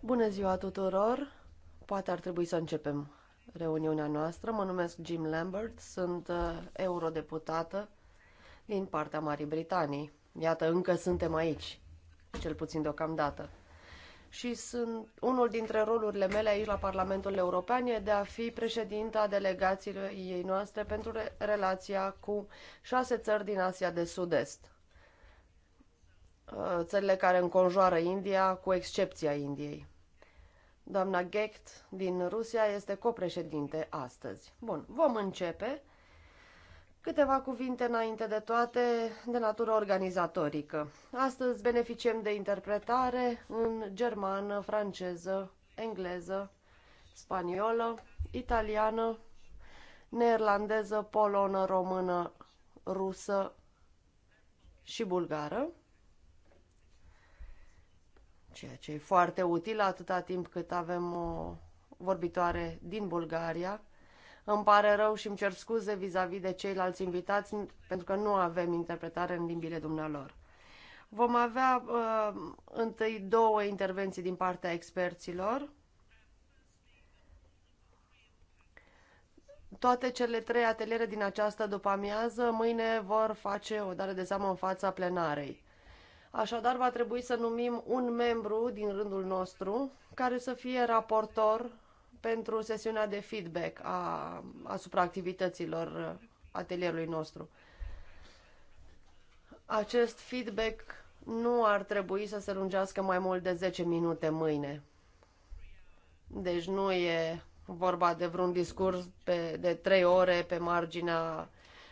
Bună ziua tuturor! Poate ar trebui să începem reuniunea noastră. Mă numesc Jim Lambert, sunt uh, eurodeputată din partea Marii Britanii. Iată, încă suntem aici, cel puțin deocamdată. Și sunt unul dintre rolurile mele aici la Parlamentul European e de a fi președinta delegației noastre pentru relația cu șase țări din Asia de Sud-Est. Uh, țările care înconjoară India, cu excepția Indiei. Doamna Gecht din Rusia este copreședinte astăzi. Bun, vom începe. Câteva cuvinte înainte de toate de natură organizatorică. Astăzi beneficiem de interpretare în germană, franceză, engleză, spaniolă, italiană, neerlandeză, polonă, română, rusă și bulgară ceea ce e foarte util atâta timp cât avem o vorbitoare din Bulgaria. Îmi pare rău și îmi cer scuze vis-a-vis -vis de ceilalți invitați pentru că nu avem interpretare în limbile dumnealor. Vom avea uh, întâi două intervenții din partea experților. Toate cele trei ateliere din această după-amiază mâine vor face o dare de seamă în fața plenarei. Așadar, va trebui să numim un membru din rândul nostru care să fie raportor pentru sesiunea de feedback a, asupra activităților atelierului nostru. Acest feedback nu ar trebui să se lungească mai mult de 10 minute mâine. Deci nu e vorba de vreun discurs pe, de 3 ore pe marginea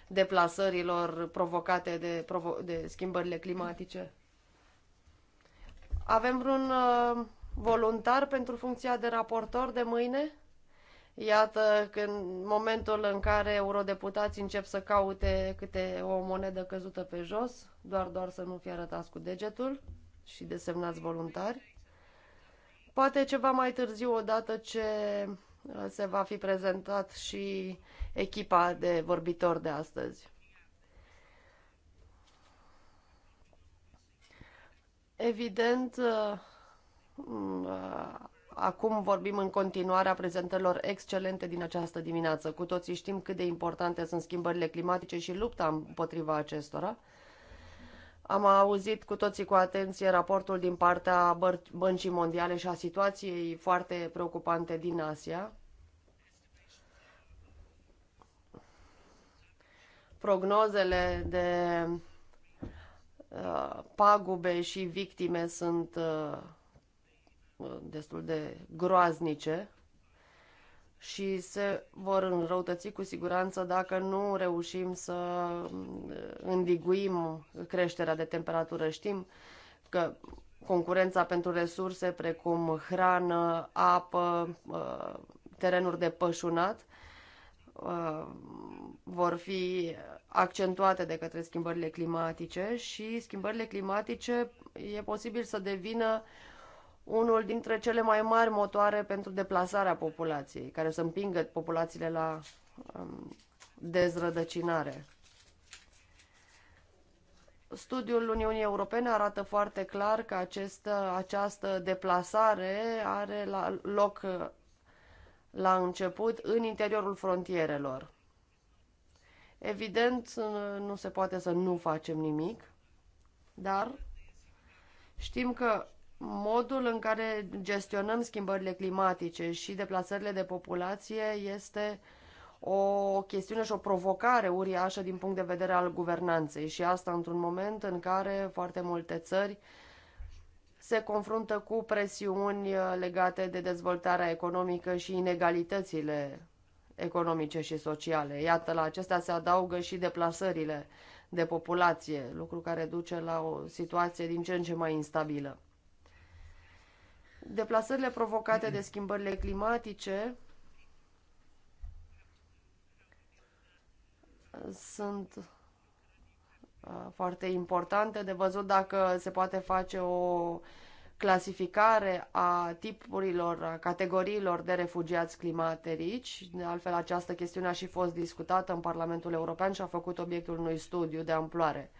deplasărilor provocate de, provo- de schimbările climatice. Avem vreun uh, voluntar pentru funcția de raportor de mâine? Iată, în momentul în care eurodeputații încep să caute câte o monedă căzută pe jos, doar, doar să nu fie arătați cu degetul și desemnați voluntari. Poate ceva mai târziu, odată ce uh, se va fi prezentat și echipa de vorbitori de astăzi. Evident, uh, mm, uh, acum vorbim în continuare a prezentărilor excelente din această dimineață. Cu toții știm cât de importante sunt schimbările climatice și lupta împotriva acestora. Am auzit cu toții cu atenție raportul din partea Băncii Mondiale și a situației foarte preocupante din Asia. Prognozele de Uh, pagube și victime sunt uh, destul de groaznice și se vor înrăutăți cu siguranță dacă nu reușim să uh, îndiguim creșterea de temperatură. Știm că concurența pentru resurse precum hrană, apă, terenuri de pășunat uh, vor fi accentuate de către schimbările climatice și schimbările climatice e posibil să devină unul dintre cele mai mari motoare pentru deplasarea populației, care să împingă populațiile la um, dezrădăcinare. Studiul Uniunii Europene arată foarte clar că acest, această deplasare are la, loc la început în interiorul frontierelor. Evident, nu se poate să nu facem nimic, dar știm că modul în care gestionăm schimbările climatice și deplasările de populație este o chestiune și o provocare uriașă din punct de vedere al guvernanței și asta într-un moment în care foarte multe țări se confruntă cu presiuni uh, legate de dezvoltarea economică și inegalitățile economice și sociale. Iată, la acestea se adaugă și deplasările de populație, lucru care duce la o situație din ce în ce mai instabilă. Deplasările provocate de schimbările climatice sunt Uh, foarte importante, de văzut dacă se poate face o clasificare a tipurilor, a categoriilor de refugiați climaterici. De altfel, această chestiune a și fost discutată în Parlamentul European și a făcut obiectul unui studiu de amploare.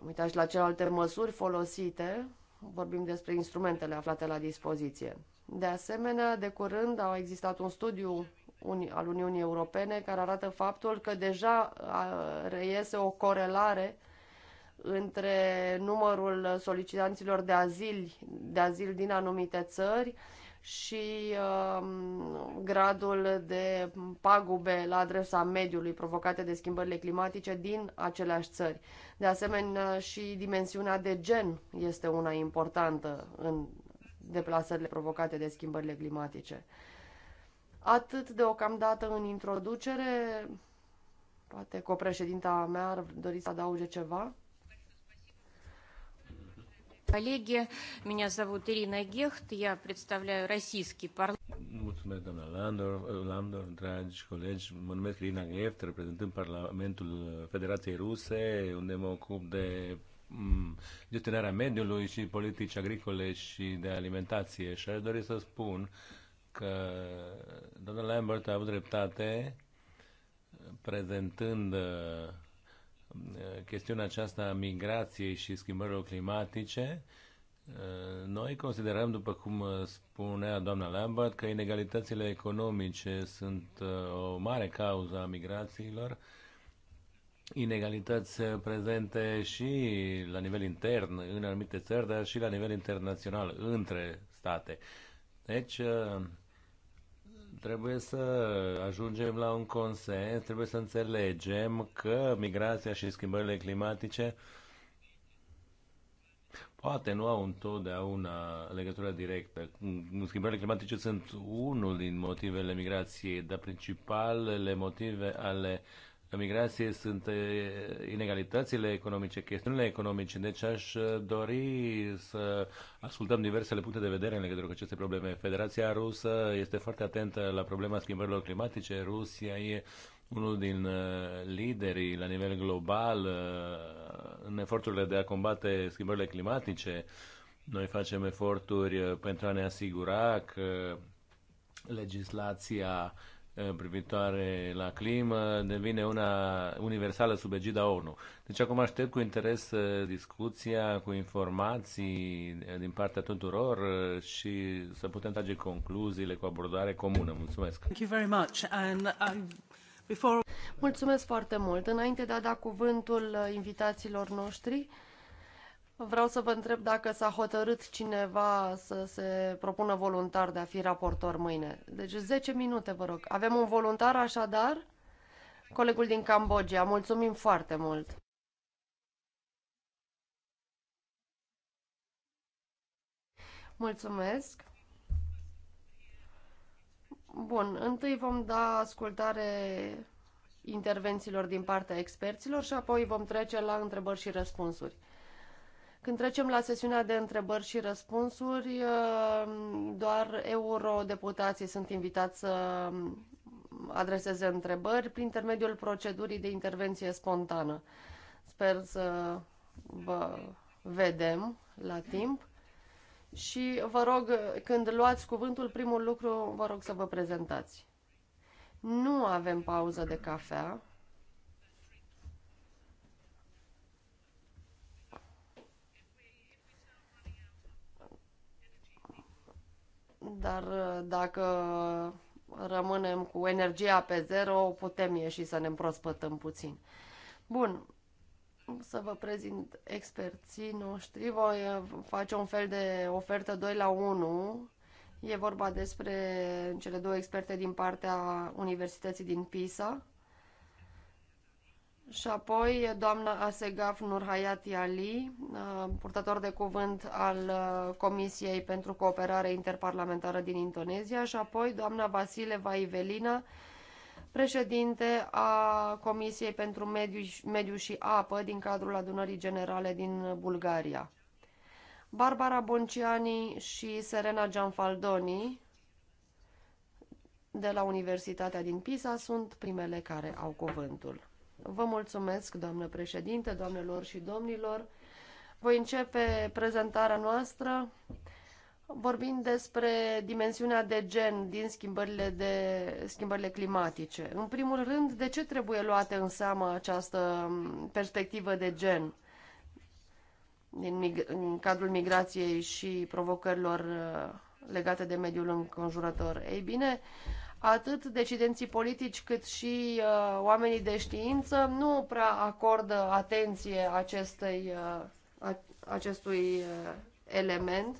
Am uitat și la celelalte măsuri folosite, vorbim despre instrumentele aflate la dispoziție. De asemenea, de curând a existat un studiu al Uniunii Europene, care arată faptul că deja reiese o corelare între numărul solicitanților de azil, de azil din anumite țări și uh, gradul de pagube la adresa mediului provocate de schimbările climatice din aceleași țări. De asemenea, și dimensiunea de gen este una importantă în deplasările provocate de schimbările climatice. Atât deocamdată în introducere, poate copreședinta mea ar dori să adauge ceva. Colegi, mă зовут Irina Gecht, eu представляю российский parlament. Mulțumesc, doamna Landor, Landor, dragi colegi, mă numesc Irina Gecht, reprezentând Parlamentul Federației Ruse, unde mă ocup de mm, gestionarea mediului și politici agricole și de alimentație. Și aș dori să spun că domnul Lambert a avut dreptate prezentând uh, chestiunea aceasta a migrației și schimbărilor climatice. Uh, noi considerăm, după cum uh, spunea doamna Lambert, că inegalitățile economice sunt o mare cauză a migrațiilor, inegalități prezente și la nivel intern în anumite țări, dar și la nivel internațional între state. Uh, deci, uh, trebuie să ajungem la un consens, trebuie să înțelegem că migrația și schimbările climatice poate nu au întotdeauna legătură directă. Schimbările climatice sunt unul din motivele migrației, dar principalele motive ale migrație sunt inegalitățile economice, chestiunile economice. Deci aș dori să ascultăm diversele puncte de vedere în legătură cu aceste probleme. Federația Rusă este foarte atentă la problema schimbărilor climatice. Rusia e unul din liderii la nivel global în eforturile de a combate schimbările climatice. Noi facem eforturi pentru a ne asigura că legislația Eh, privitoare la climă devine una universală sub egida ONU. Deci acum aștept cu interes eh, discuția, cu informații eh, din partea tuturor și să putem trage concluziile cu abordare comună. Mulțumesc! Thank you very much. And, I... Um, before... Mulțumesc foarte mult! Înainte de a da cuvântul invitațiilor noștri, Vreau să vă întreb dacă s-a hotărât cineva să se propună voluntar de a fi raportor mâine. Deci 10 minute, vă rog. Avem un voluntar, așadar? Colegul din Cambodgia, mulțumim foarte mult! Mulțumesc! Bun, întâi vom da ascultare intervențiilor din partea experților și apoi vom trece la întrebări și răspunsuri. Când trecem la sesiunea de întrebări și răspunsuri, uh, doar eurodeputații sunt invitați să adreseze întrebări prin intermediul procedurii de intervenție spontană. Sper să vă vedem la timp și vă rog, când luați cuvântul, primul lucru vă rog să vă prezentați. Nu avem pauză de cafea, Dar uh, dacă rămânem cu energia pe zero, putem ieși să ne împrospătăm puțin. Bun, să vă prezint experții noștri. Voi uh, face un fel de ofertă 2 la 1. E vorba despre cele două experte din partea Universității din Pisa, și apoi doamna Asegaf Nurhayati Ali, uh, purtător de cuvânt al uh, Comisiei pentru Cooperare Interparlamentară din Indonezia, și apoi doamna Vasile Vaivelina, președinte a Comisiei pentru Mediu, Mediu și Apă din cadrul adunării generale din Bulgaria. Barbara Bonciani și Serena Gianfaldoni de la Universitatea din Pisa sunt primele care au cuvântul. Vă mulțumesc, doamnă președinte, doamnelor și domnilor. Voi începe prezentarea noastră vorbind despre dimensiunea de gen din schimbările, de, schimbările climatice. În primul rând, de ce trebuie luată în seamă această perspectivă de gen din, în cadrul migrației și provocărilor uh, legate de mediul înconjurător? Ei bine, atât decidenții politici cât și uh, oamenii de știință nu prea acordă atenție acestei, uh, acestui uh, element.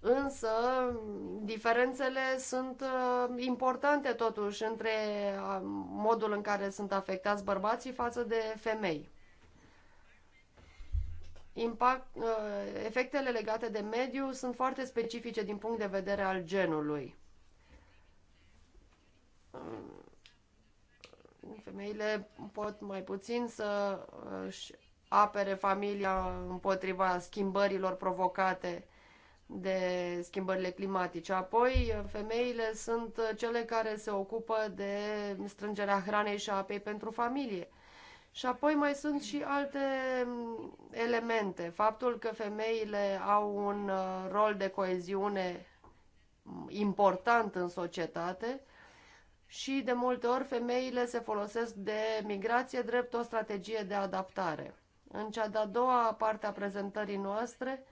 Însă, diferențele sunt uh, importante totuși între uh, modul în care sunt afectați bărbații față de femei. Impact, uh, efectele legate de mediu sunt foarte specifice din punct de vedere al genului femeile pot mai puțin să își apere familia împotriva schimbărilor provocate de schimbările climatice. Apoi, femeile sunt cele care se ocupă de strângerea hranei și apei pentru familie. Și apoi mai sunt și alte elemente. Faptul că femeile au un rol de coeziune important în societate, și de multe ori femeile se folosesc de migrație drept o strategie de adaptare. În cea de-a doua parte a prezentării noastre,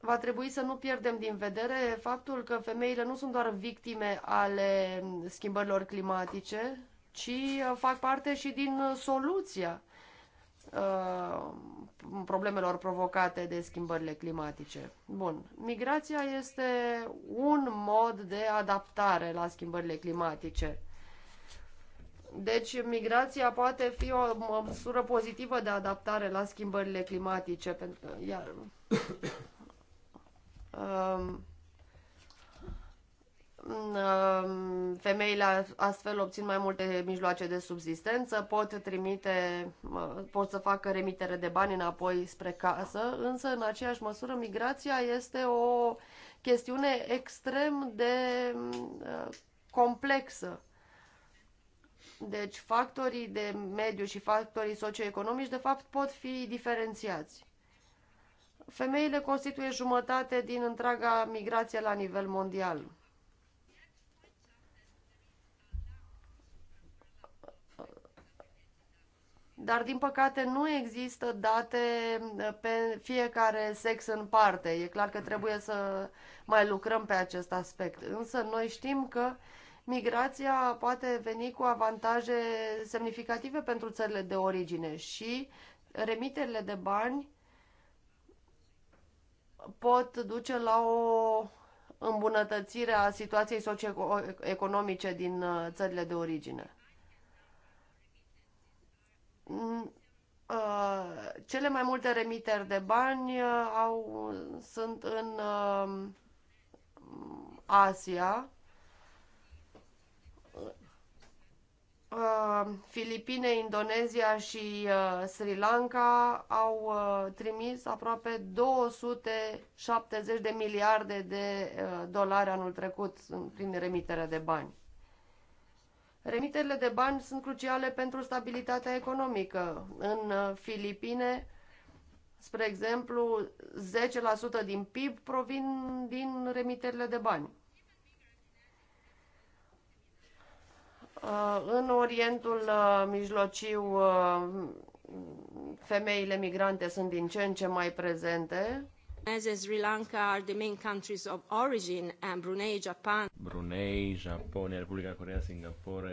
va trebui să nu pierdem din vedere faptul că femeile nu sunt doar victime ale schimbărilor climatice, ci uh, fac parte și din uh, soluția Uh, problemelor provocate de schimbările climatice. Bun, migrația este un mod de adaptare la schimbările climatice. Deci migrația poate fi o măsură pozitivă de adaptare la schimbările climatice, pentru că iar uh, Uh, femeile astfel obțin mai multe mijloace de subsistență, pot trimite, pot să facă remitere de bani înapoi spre casă, însă în aceeași măsură migrația este o chestiune extrem de uh, complexă. Deci factorii de mediu și factorii socioeconomici de fapt pot fi diferențiați. Femeile constituie jumătate din întreaga migrație la nivel mondial dar din păcate nu există date uh, pe fiecare sex în parte. E clar că trebuie să mai lucrăm pe acest aspect. Însă noi știm că migrația poate veni cu avantaje semnificative pentru țările de origine și remiterile de bani pot duce la o îmbunătățire a situației socioeconomice din uh, țările de origine. Mm, uh, cele mai multe remiteri de bani uh, au, sunt în uh, Asia, Filipine, Indonezia și Sri Lanka au trimis aproape 270 de miliarde de dolari anul trecut prin remiterea de bani. Remiterile de bani sunt cruciale pentru stabilitatea economică. În uh, Filipine, spre exemplu, 10% din PIB provin din remiterile de bani. Uh, în Orientul uh, Mijlociu, femeile migrante sunt din ce în ce mai prezente As Sri Lanka are the main countries of origin and Brunei, Japan. Brunei, Japonia, Republica Corea, Singapore,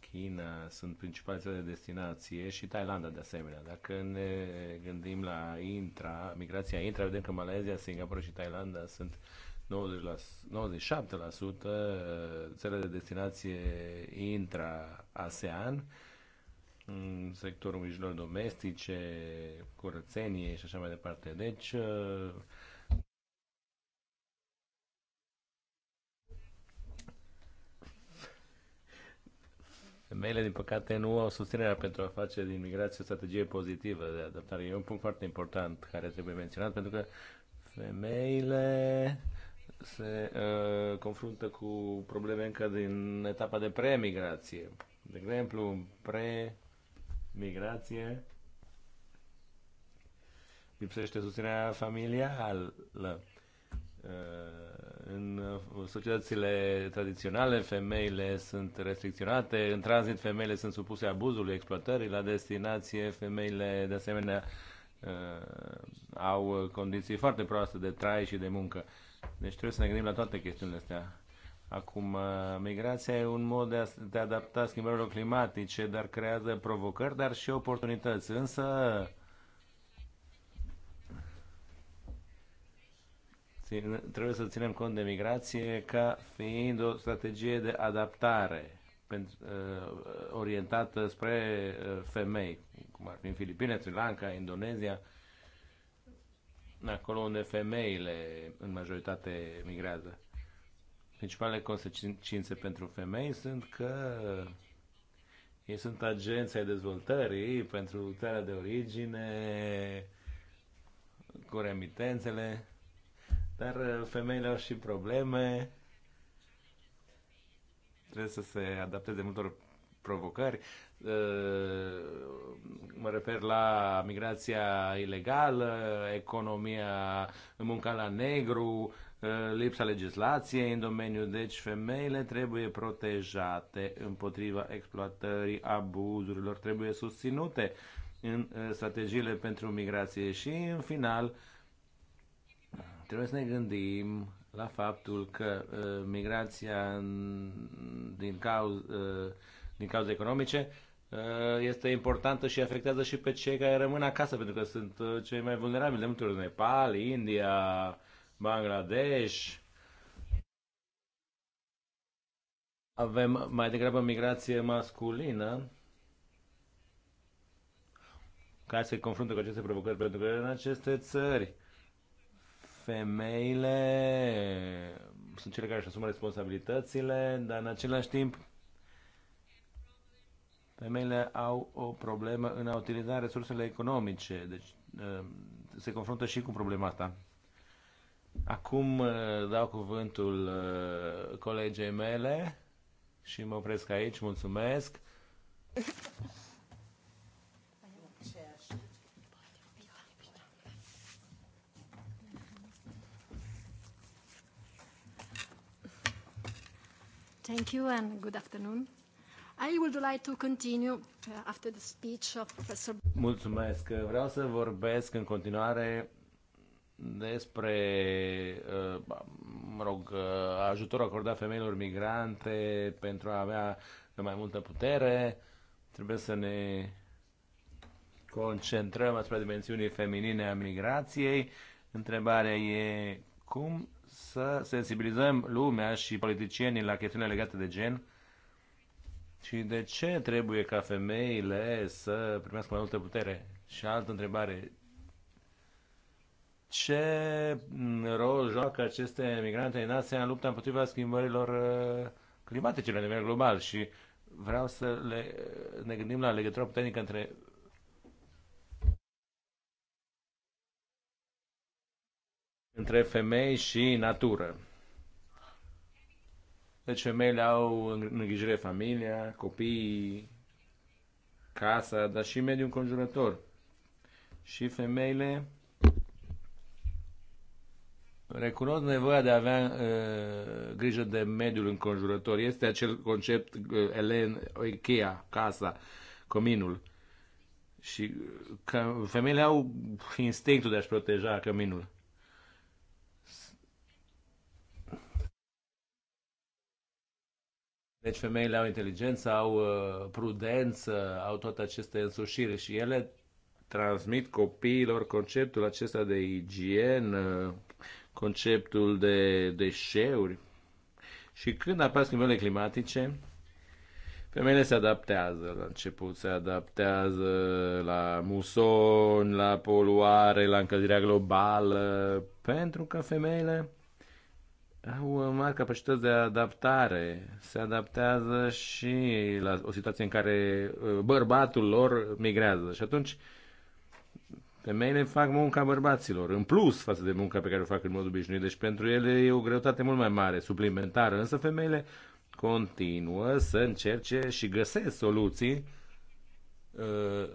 China sunt principalele țări de destinație și Thailanda de asemenea. Dacă ne gândim la intra, migrația intra, vedem că Malezia, Singapore și Thailanda sunt 90 la, 97% țările de destinație intra-ASEAN în sectorul mijilor domestice, curățenie și așa mai departe. Deci, uh, Femeile, din păcate, nu au susținerea pentru a face din migrație o strategie pozitivă de adaptare. E un punct foarte important care trebuie menționat, pentru că femeile se uh, confruntă cu probleme încă din etapa de pre pre-migrație. De exemplu, pre migrație, lipsește susținerea familială. Uh, în societățile tradiționale, femeile sunt restricționate, în tranzit femeile sunt supuse abuzului, exploatării, la destinație femeile de asemenea uh, au condiții foarte proaste de trai și de muncă. Deci trebuie să ne gândim la toate chestiunile astea. Acum, uh, migrația e un mod de a te adapta schimbărilor climatice, dar creează provocări, dar și oportunități. Însă, trebuie să ținem cont de migrație ca fiind o strategie de adaptare pentru, uh, orientată spre uh, femei, cum ar fi în Filipine, Sri Lanka, Indonezia, acolo unde femeile în majoritate migrează. Principalele consecințe pentru femei sunt că ei sunt agenții ai dezvoltării pentru țara de origine, cu remitențele, dar femeile au și probleme, trebuie să se adapteze multor provocări. Uh, mă refer la migrația ilegală, economia, munca la negru, Uh, lipsa legislației în domeniu, deci femeile trebuie protejate împotriva exploatării, abuzurilor, trebuie susținute în uh, strategiile pentru migrație și, în final, trebuie să ne gândim la faptul că uh, migrația din, cauz, din cauze economice este importantă și afectează și pe cei care rămân acasă, pentru că sunt cei mai vulnerabili de multe ori, Nepal, India, uh, Bangladesh. Avem mai degrabă migrație masculină care se confruntă cu aceste provocări, pentru că în aceste țări femeile sunt cele care își asumă responsabilitățile, dar în același timp femeile au o problemă în a utiliza resursele economice, deci uh, se confruntă și cu problema asta. Acum uh, dau cuvântul uh, colegei mele și mă opresc aici. Mulțumesc! Thank you and good afternoon. I would like to continue uh, after the speech of Professor Mulțumesc. Vreau să vorbesc în continuare despre, mă rog, ajutorul acordat femeilor migrante pentru a avea mai multă putere. Trebuie să ne concentrăm asupra dimensiunii feminine a migrației. Întrebarea e cum să sensibilizăm lumea și politicienii la chestiunile legate de gen și de ce trebuie ca femeile să primească mai multă putere? Și altă întrebare, ce mm, rol joacă aceste migrante în Asia în lupta împotriva schimbărilor uh, climatice la nivel global și vreau să le, ne gândim la legătura puternică între între femei și natură. Deci femeile au în îngrijire familia, copiii, casa, dar și mediul înconjurător. Și femeile Recunosc nevoia de a avea uh, grijă de mediul înconjurător. Este acel concept, uh, Elen, Ikea, casa, cominul. Și uh, că femeile au instinctul de a-și proteja căminul. Deci femeile au inteligență, au uh, prudență, au toate aceste însușiri și ele transmit copiilor conceptul acesta de igienă, conceptul de deșeuri. Și când apar schimbările climatice, femeile se adaptează la început, se adaptează la muson, la poluare, la încălzirea globală, pentru că femeile au mari capacități de adaptare. Se adaptează și la o situație în care uh, bărbatul lor migrează. Și atunci Femeile fac munca bărbaților, în plus față de munca pe care o fac în mod obișnuit, deci pentru ele e o greutate mult mai mare, suplimentară, însă femeile continuă să încerce și găsesc soluții uh,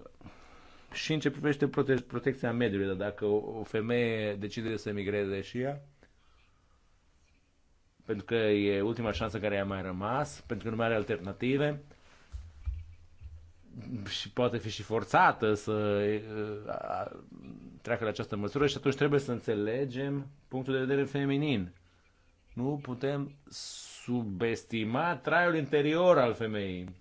și în ce privește prote protecția mediului, dar dacă o, o femeie decide să migreze și ea, pentru că e ultima șansă care i-a mai rămas, pentru că nu mai are alternative, și poate fi și forțată să treacă la această măsură și atunci trebuie să înțelegem punctul de vedere feminin. Nu putem subestima traiul interior al femeii.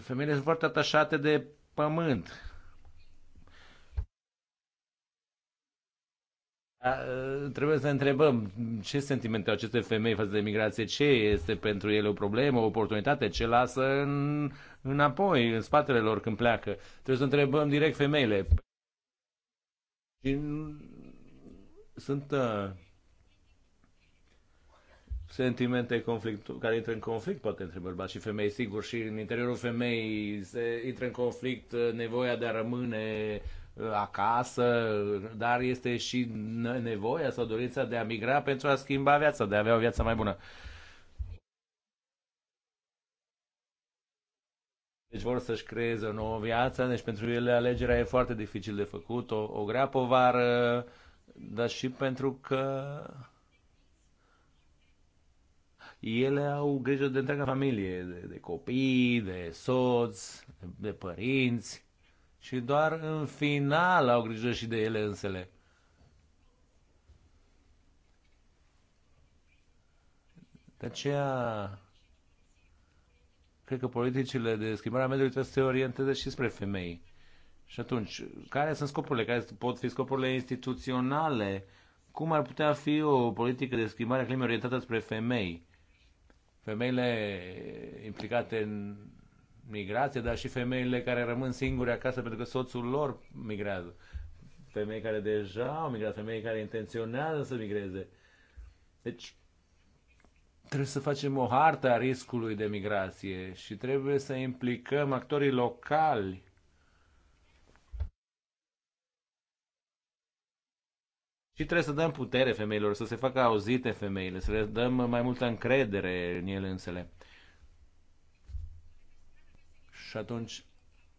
Femeile sunt foarte atașate de pământ Da, ă, trebuie să întrebăm ce sentimente au aceste femei față de migrație, ce este pentru ele o problemă, o oportunitate, ce lasă în, înapoi, în spatele lor când pleacă. Trebuie să întrebăm direct femeile. Și sunt uh, sentimente conflict, care intră în conflict, poate, între bărbați și femei, sigur, și în interiorul femeii se intră în conflict ă, nevoia de a rămâne acasă, dar este și nevoia sau dorința de a migra pentru a schimba viața, de a avea o viață mai bună. Deci vor să-și creeze o nouă viață, deci pentru ele alegerea e foarte dificil de făcut, o, o grea povară, dar și pentru că ele au grijă de întreaga familie, de, de copii, de soți, de, de părinți și doar în final au grijă și de ele însele. De aceea, cred că politicile de schimbare a mediului trebuie să se orienteze și spre femei. Și atunci, care sunt scopurile? Care pot fi scopurile instituționale? Cum ar putea fi o politică de schimbare a climei orientată spre femei? Femeile implicate în migrație, dar și femeile care rămân singure acasă pentru că soțul lor migrează. Femei care deja au migrat, femei care intenționează să migreze. Deci, trebuie să facem o hartă a riscului de migrație și trebuie să implicăm actorii locali Și trebuie să dăm putere femeilor, să se facă auzite femeile, să le dăm mai multă încredere în ele însele. Și atunci,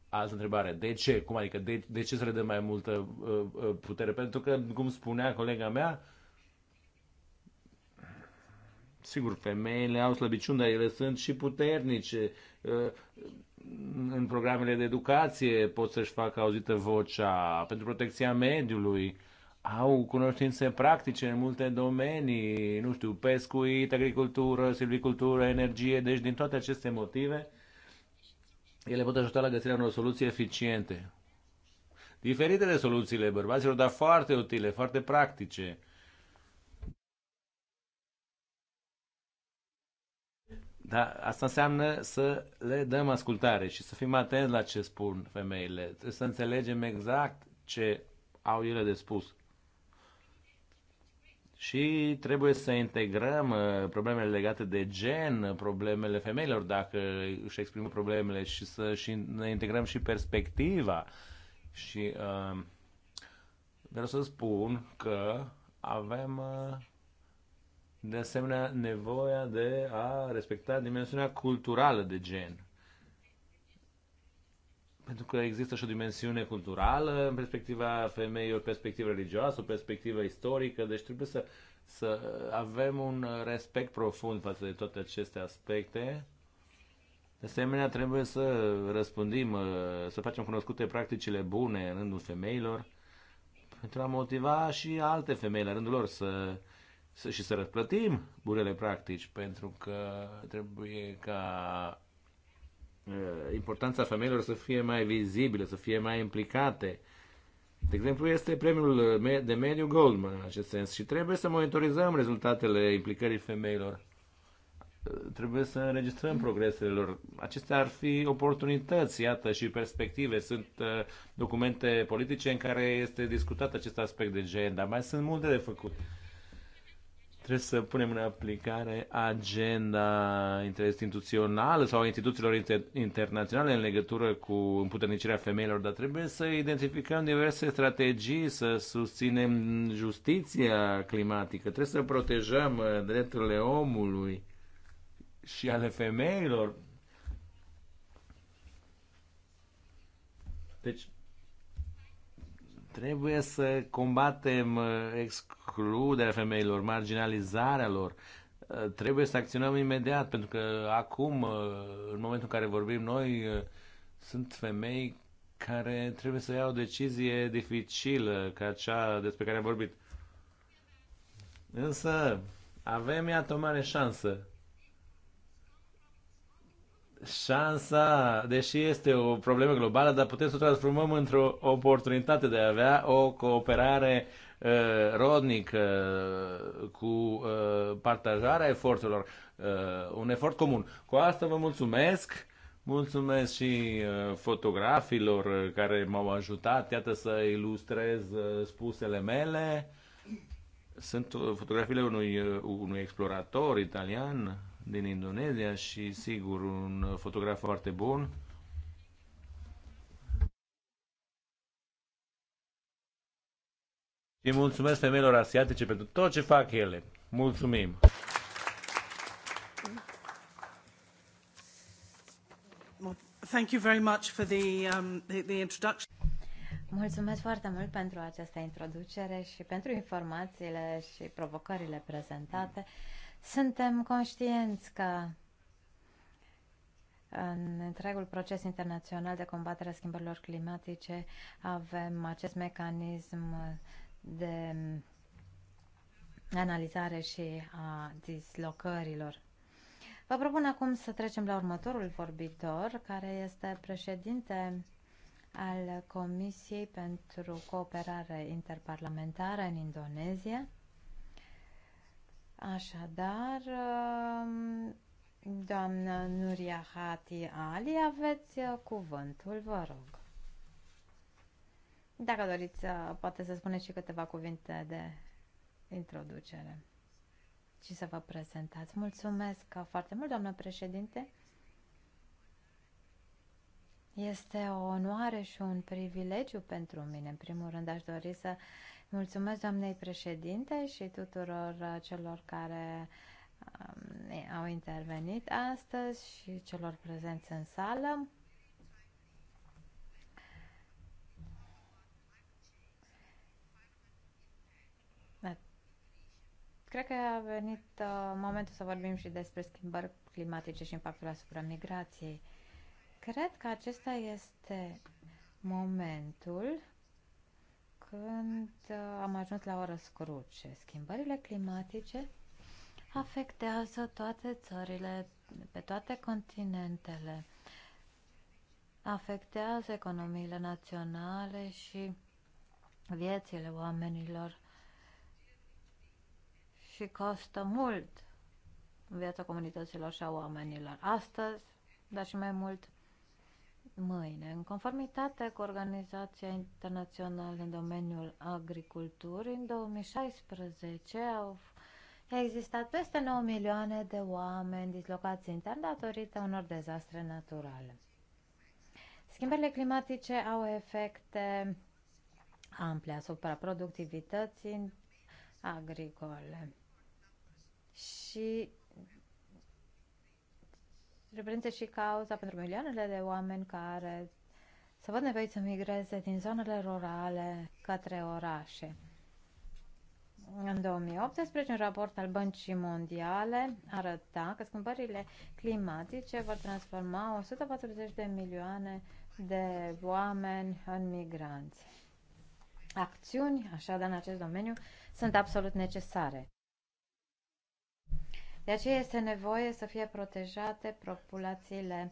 altă întrebare. De ce? Cum adică? De, de ce să le dăm mai multă uh, uh, putere? Pentru că, cum spunea colega mea, sigur, femeile au slăbiciuni, dar ele sunt și puternice. Uh, în programele de educație pot să-și facă auzită vocea, pentru protecția mediului, au cunoștințe practice în multe domenii, nu știu, pescuit, agricultură, silvicultură, energie, deci din toate aceste motive ele pot ajuta la găsirea unor soluții eficiente. Diferite de soluțiile bărbaților, dar foarte utile, foarte practice. Dar asta înseamnă să le dăm ascultare și să fim atenți la ce spun femeile, să înțelegem exact ce au ele de spus și trebuie să integrăm uh, problemele legate de gen, problemele femeilor, dacă își exprimă problemele și să și ne integrăm și perspectiva. Și uh, vreau să spun că avem uh, de asemenea nevoia de a respecta dimensiunea culturală de gen pentru că există și o dimensiune culturală în perspectiva femeii, o perspectivă religioasă, o perspectivă istorică, deci trebuie să, să avem un respect profund față de toate aceste aspecte. De asemenea, trebuie să răspundim, uh, să facem cunoscute practicile bune în rândul femeilor, pentru a motiva și alte femei la rândul lor să, să și să răsplătim bunele practici, pentru că trebuie ca Eh, importanța femeilor să fie mai vizibile, să fie mai implicate. De exemplu, este premiul eh, de mediu Goldman în acest sens și trebuie să monitorizăm rezultatele implicării femeilor. Eh, trebuie să înregistrăm progresele lor. Acestea ar fi oportunități, iată, și perspective. Sunt documente politice în care este discutat acest aspect de gen, dar mai sunt multe de făcut. Trebuie să punem în aplicare agenda interinstituțională sau a instituțiilor inter- internaționale în legătură cu împuternicirea femeilor, dar trebuie să identificăm diverse strategii, să susținem justiția climatică, trebuie să protejăm uh, drepturile omului și ale femeilor. Deci, trebuie să combatem uh, ex- excluderea femeilor, marginalizarea lor. Uh, trebuie să acționăm imediat, pentru că acum, uh, în momentul în care vorbim noi, uh, sunt femei care trebuie să ia o decizie dificilă ca cea despre care am vorbit. Însă, avem iată o mare șansă. Șansa, deși este o problemă globală, dar putem să o transformăm într-o oportunitate de a avea o cooperare Uh, rodnic uh, cu uh, partajarea eforturilor, un efort comun. Cu asta vă mulțumesc. Mulțumesc și fotografilor care m-au ajutat, iată, să ilustrez spusele mele. Sunt fotografiile unui, unui explorator italian din Indonezia și, sigur, un fotograf foarte bun. Și mulțumesc femeilor asiatice pentru tot ce fac ele. Mulțumim! Thank you very much for the, um, the, the introduction. Mulțumesc foarte mult pentru această introducere și pentru informațiile și provocările prezentate. Suntem conștienți că în întregul proces internațional de combatere a schimbărilor climatice avem acest mecanism de analizare și a dislocărilor. Vă propun acum să trecem la următorul vorbitor, care este președinte al Comisiei pentru Cooperare Interparlamentară în Indonezia. Așadar, um, doamnă Nuria Hati Ali, aveți cuvântul, vă rog. Dacă doriți, uh, poate să spuneți și câteva cuvinte de introducere și să vă prezentați. Mulțumesc foarte mult, doamnă președinte. Este o onoare și un privilegiu pentru mine. În primul rând aș dori să mulțumesc doamnei președinte și tuturor uh, celor care um, au intervenit astăzi și celor prezenți în sală. Cred că a venit uh, momentul să vorbim și despre schimbări climatice și impactul asupra migrației. Cred că acesta este momentul când uh, am ajuns la ora scruce. Schimbările climatice afectează toate țările, pe toate continentele, afectează economiile naționale și viețile oamenilor și costă mult în viața comunităților și a oamenilor astăzi, dar și mai mult mâine. În conformitate cu Organizația Internațională în domeniul agriculturii, în 2016 au existat peste 9 milioane de oameni dislocați intern datorită unor dezastre naturale. Schimbările climatice au efecte ample asupra productivității agricole și reprezintă și cauza pentru milioanele de oameni care se văd nevoiți să migreze din zonele rurale către orașe. În 2018, un raport al Băncii Mondiale arăta că schimbările climatice vor transforma 140 de milioane de oameni în migranți. Acțiuni, așadar, în acest domeniu sunt absolut necesare. De aceea este nevoie să fie protejate populațiile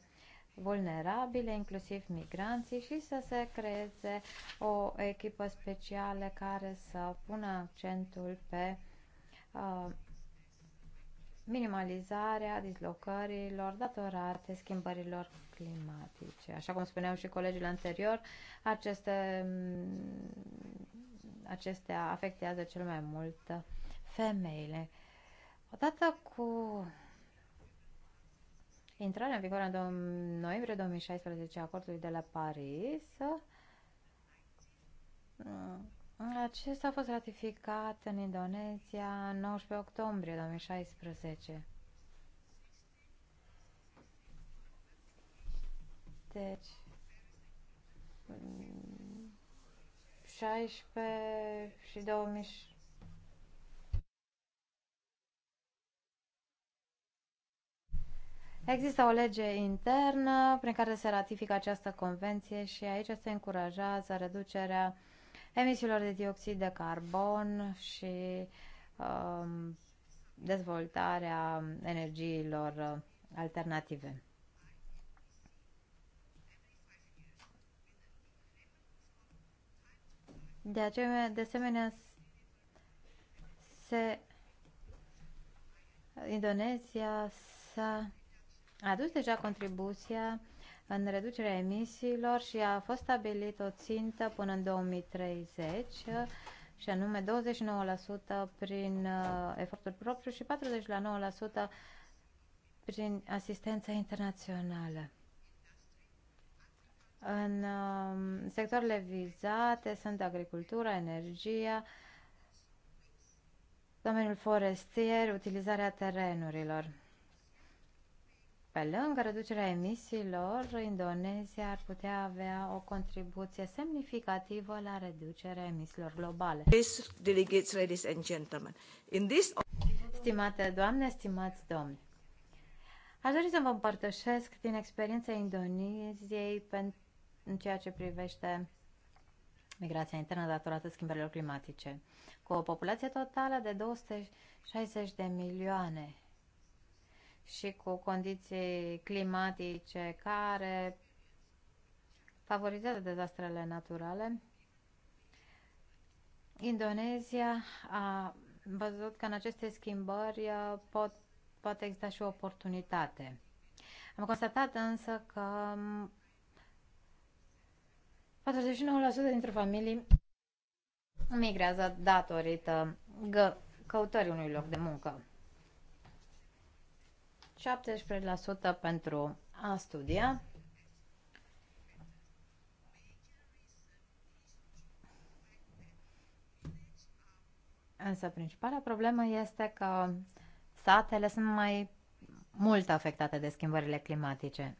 vulnerabile, inclusiv migranții, și să se creeze o echipă specială care să pună accentul pe uh, minimalizarea dislocărilor datorate schimbărilor climatice. Așa cum spuneau și colegii anterior, aceste, mm, acestea afectează cel mai mult femeile. Odată cu intrarea în vigoare în noiembrie 2016 acordului de la Paris, uh, acesta a fost ratificat în Indonezia 19 octombrie 2016. Deci, 16 și 2016 Există o lege internă prin care se ratifică această convenție și aici se încurajează reducerea emisiilor de dioxid de carbon și um, dezvoltarea energiilor uh, alternative. De, aceea, de asemenea, se Indonezia s-a a adus deja contribuția în reducerea emisiilor și a fost stabilit o țintă până în 2030 și anume 29% prin uh, efortul propriu și 49% prin asistența internațională. În um, sectoarele vizate sunt agricultura, energia, domeniul forestier, utilizarea terenurilor. Pe lângă reducerea emisiilor, Indonezia ar putea avea o contribuție semnificativă la reducerea emisiilor globale. Stimate doamne, stimați domni, aș dori să vă împărtășesc din experiența Indoneziei în ceea ce privește migrația internă datorată schimbărilor climatice, cu o populație totală de 260 de milioane și cu condiții climatice care favorizează dezastrele naturale. Indonezia a văzut că în aceste schimbări uh, pot, poate exista și o oportunitate. Am constatat însă că 49% um, dintre familii migrează datorită gă, căutării unui loc de muncă. 17% pentru a studia. Însă principala problemă este că satele sunt mai mult afectate de schimbările climatice.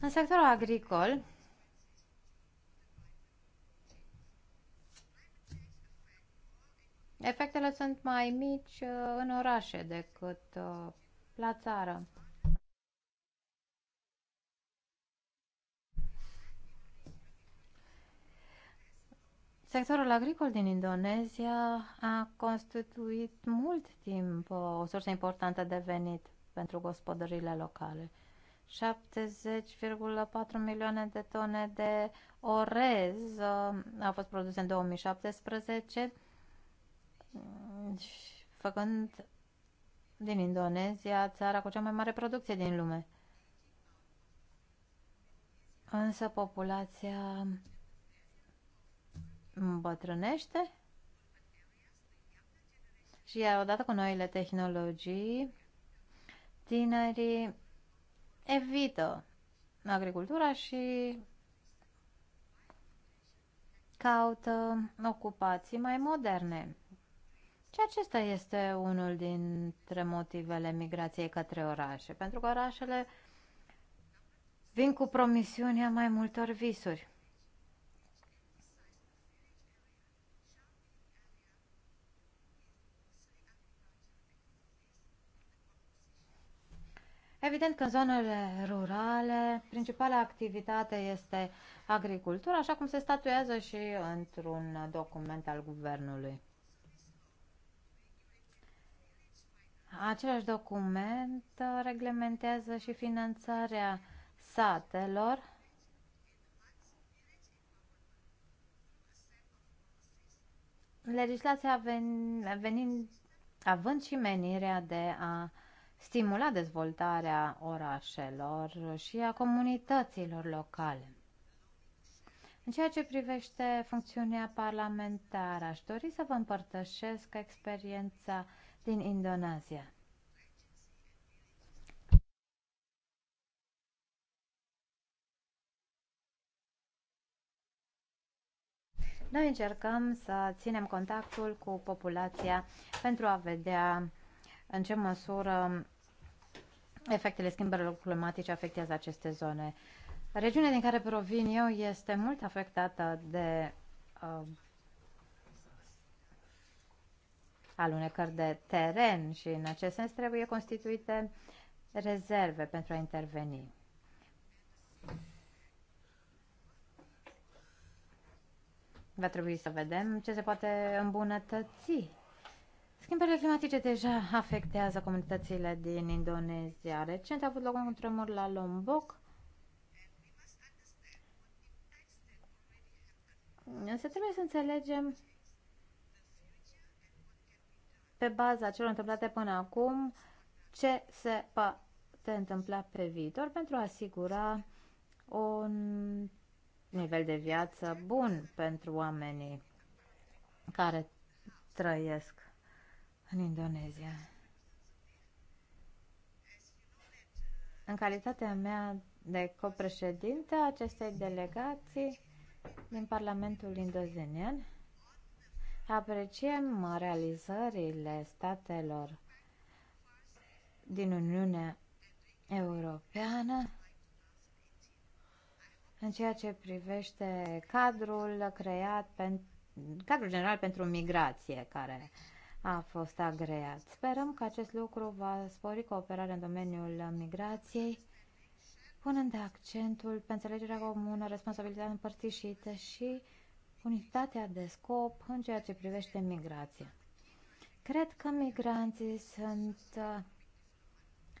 În sectorul agricol, Efectele sunt mai mici uh, în orașe decât uh, la țară. Sectorul agricol din Indonezia a constituit mult timp uh, o sursă importantă de venit pentru gospodările locale. 70,4 milioane de tone de orez au fost produse în 2017, făcând din Indonezia țara cu cea mai mare producție din lume. Însă populația îmbătrânește și iar odată cu noile tehnologii, tinerii evită agricultura și caută ocupații mai moderne. Și acesta este unul dintre motivele migrației către orașe, pentru că orașele vin cu promisiunea mai multor visuri. Evident că în zonele rurale, principala activitate este agricultura, așa cum se statuează și într-un document al guvernului. Același document uh, reglementează și finanțarea satelor legislația ven, venind, având și menirea de a stimula dezvoltarea orașelor și a comunităților locale. În ceea ce privește funcțiunea parlamentară, aș dori să vă împărtășesc experiența din Indonezia. Noi încercăm să ținem contactul cu populația pentru a vedea în ce măsură efectele schimbărilor climatice afectează aceste zone. Regiunea din care provin eu este mult afectată de uh, alunecări de teren și în acest sens trebuie constituite rezerve pentru a interveni. Va trebui să vedem ce se poate îmbunătăți. Schimbările climatice deja afectează comunitățile din Indonezia. Recent a avut loc un tremur la Lombok. Însă trebuie să înțelegem pe baza celor întâmplate până acum, ce se poate întâmpla pe viitor pentru a asigura un nivel de viață bun pentru oamenii care trăiesc în Indonezia. În calitatea mea de copreședinte a acestei delegații din Parlamentul Indonezian, Apreciem realizările statelor din Uniunea Europeană în ceea ce privește cadrul creat pentru cadrul general pentru migrație care a fost agreat. Sperăm că acest lucru va spori cooperarea în domeniul migrației, punând accentul pe înțelegerea comună, responsabilitatea împărțișită și unitatea de scop în ceea ce privește migrația. Cred că migranții sunt uh,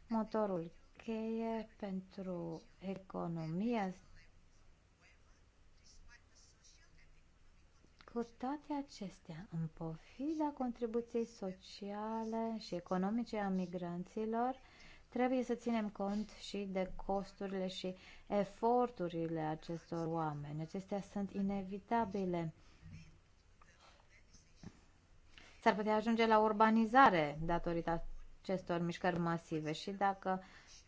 motorul cheie pentru economia Cu toate acestea, în pofida contribuției sociale și economice a migranților, Trebuie să ținem cont și de costurile și eforturile acestor oameni. Acestea sunt inevitabile. S-ar putea ajunge la urbanizare datorită acestor mișcări masive și dacă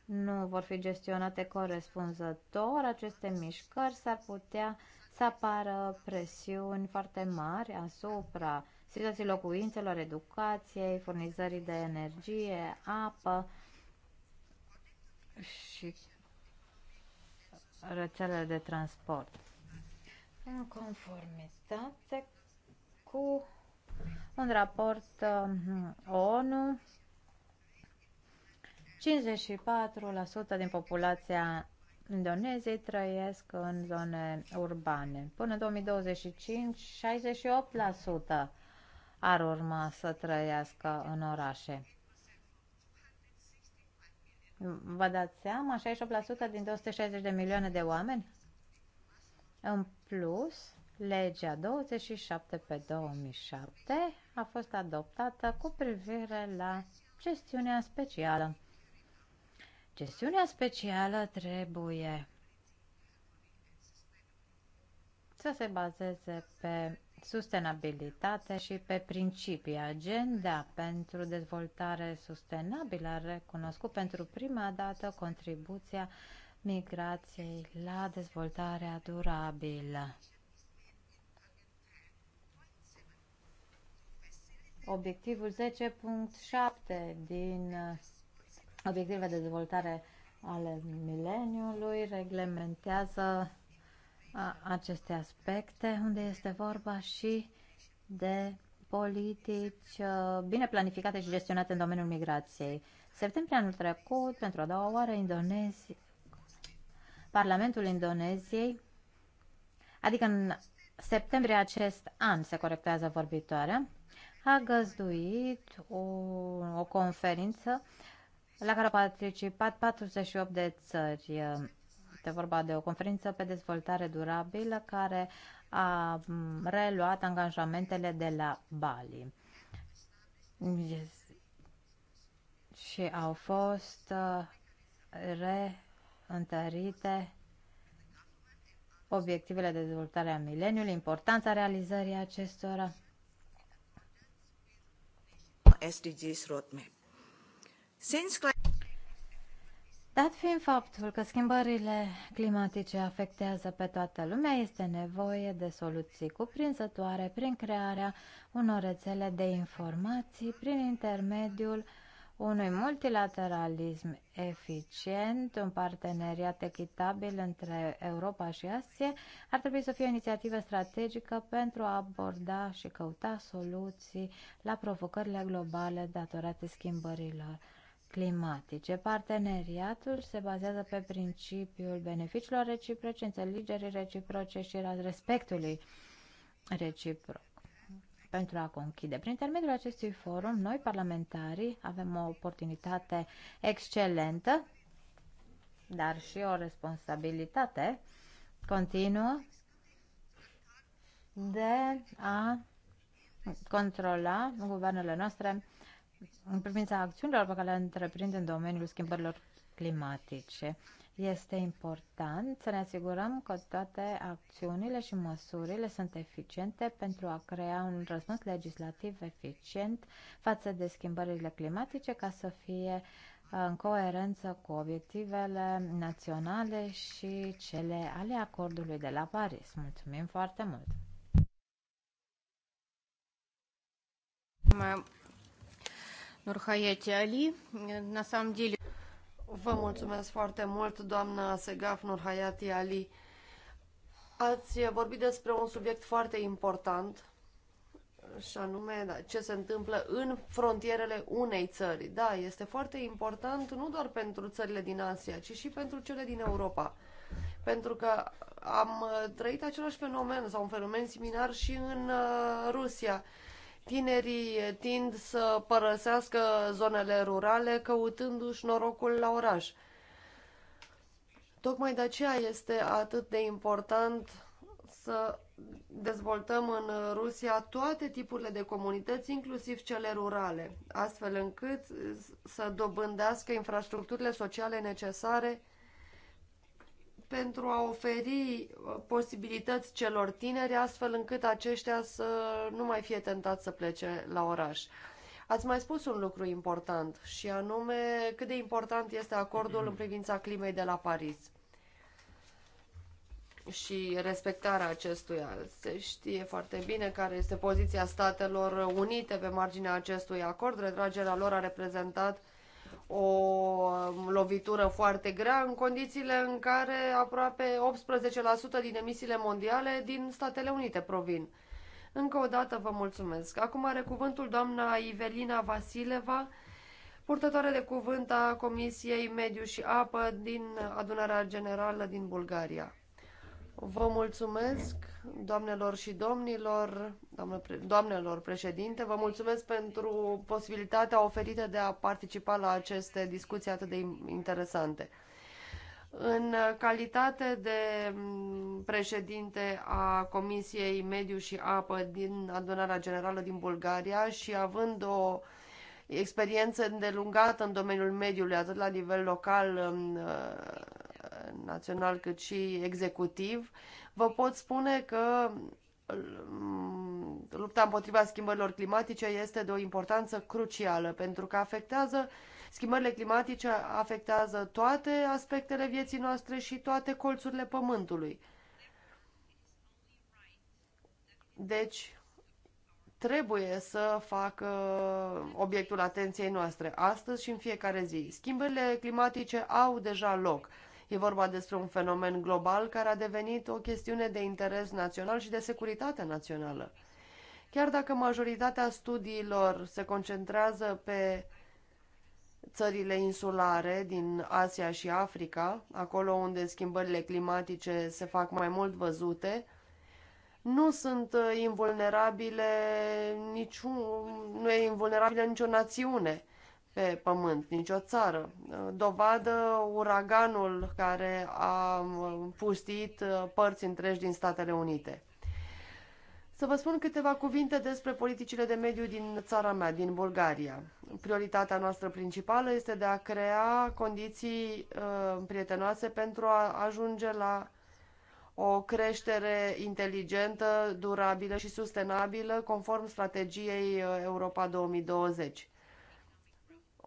nu vor fi gestionate corespunzător aceste mișcări, s-ar putea să apară presiuni foarte mari asupra situației locuințelor, educației, furnizării de energie, apă și rețelele de transport. În conformitate cu un raport uh, ONU, 54% din populația indoneziei trăiesc în zone urbane. Până în 2025, 68% ar urma să trăiască în orașe. Vă dați seama, 68% din 260 de milioane de oameni? În plus, legea 27 pe 2007 a fost adoptată cu privire la gestiunea specială. Gestiunea specială trebuie să se bazeze pe sustenabilitate și pe principii. Agenda pentru dezvoltare sustenabilă a recunoscut pentru prima dată contribuția migrației la dezvoltarea durabilă. Obiectivul 10.7 din obiectivele de dezvoltare ale mileniului reglementează aceste aspecte, unde este vorba și de politici uh, bine planificate și gestionate în domeniul migrației. Septembrie anul trecut, pentru a doua oară, Indonezi... Parlamentul Indoneziei, adică în septembrie acest an, se corectează vorbitoarea, a găzduit o, o conferință la care au participat 48 de țări uh, este vorba de o conferință pe dezvoltare durabilă care a reluat angajamentele de la Bali. Yes. Și au fost uh, reîntărite obiectivele de dezvoltare a mileniului, importanța realizării acestora. SDGs roadmap. Since Dat fiind faptul că schimbările climatice afectează pe toată lumea, este nevoie de soluții cuprinzătoare prin crearea unor rețele de informații prin intermediul unui multilateralism eficient, un parteneriat echitabil între Europa și Asia, ar trebui să fie o inițiativă strategică pentru a aborda și căuta soluții la provocările globale datorate schimbărilor climatice. Parteneriatul se bazează pe principiul beneficiilor reciproce, înțelegerii reciproce și al respectului reciproc. Pentru a conchide. Prin intermediul acestui forum, noi, parlamentarii, avem o oportunitate excelentă, dar și o responsabilitate continuă de a controla guvernele noastre în privința acțiunilor pe care le întreprind în domeniul schimbărilor climatice. Este important să ne asigurăm că toate acțiunile și măsurile sunt eficiente pentru a crea un răspuns legislativ eficient față de schimbările climatice ca să fie uh, în coerență cu obiectivele naționale și cele ale acordului de la Paris. Mulțumim foarte mult! Nurhayati Ali. На самом деле... Vă mulțumesc foarte mult, doamna Segaf Nurhayati Ali. Ați vorbit despre un subiect foarte important, și anume da, ce se întâmplă în frontierele unei țări. Da, este foarte important nu doar pentru țările din Asia, ci și pentru cele din Europa. Pentru că am trăit același fenomen sau un fenomen similar și în uh, Rusia. Tinerii tind să părăsească zonele rurale căutându-și norocul la oraș. Tocmai de aceea este atât de important să dezvoltăm în Rusia toate tipurile de comunități, inclusiv cele rurale, astfel încât să dobândească infrastructurile sociale necesare pentru a oferi uh, posibilități celor tineri astfel încât aceștia să nu mai fie tentați să plece la oraș. Ați mai spus un lucru important și anume cât de important este acordul în privința climei de la Paris și respectarea acestuia. Se știe foarte bine care este poziția Statelor Unite pe marginea acestui acord. Retragerea lor a reprezentat o lovitură foarte grea în condițiile în care aproape 18% din emisiile mondiale din Statele Unite provin. Încă o dată vă mulțumesc. Acum are cuvântul doamna Ivelina Vasileva, purtătoare de cuvânt a Comisiei Mediu și Apă din Adunarea Generală din Bulgaria. Vă mulțumesc, doamnelor și domnilor, doamnelor președinte, vă mulțumesc pentru posibilitatea oferită de a participa la aceste discuții atât de interesante. În calitate de mm, președinte a Comisiei Mediu și Apă din Adunarea Generală din Bulgaria și având o experiență îndelungată în domeniul mediului, atât la nivel local, național cât și executiv, vă pot spune că lupta împotriva schimbărilor climatice este de o importanță crucială pentru că afectează schimbările climatice afectează toate aspectele vieții noastre și toate colțurile pământului. Deci, trebuie să facă obiectul atenției noastre astăzi și în fiecare zi. Schimbările climatice au deja loc. E vorba despre un fenomen global care a devenit o chestiune de interes național și de securitate națională. Chiar dacă majoritatea studiilor se concentrează pe țările insulare din Asia și Africa, acolo unde schimbările climatice se fac mai mult văzute, nu sunt uh, invulnerabile niciun, nu e invulnerabilă nicio națiune pe pământ, nicio țară. Dovadă uraganul care a pustit părți întregi din Statele Unite. Să vă spun câteva cuvinte despre politicile de mediu din țara mea, din Bulgaria. Prioritatea noastră principală este de a crea condiții uh, prietenoase pentru a ajunge la o creștere inteligentă, durabilă și sustenabilă, conform strategiei uh, Europa 2020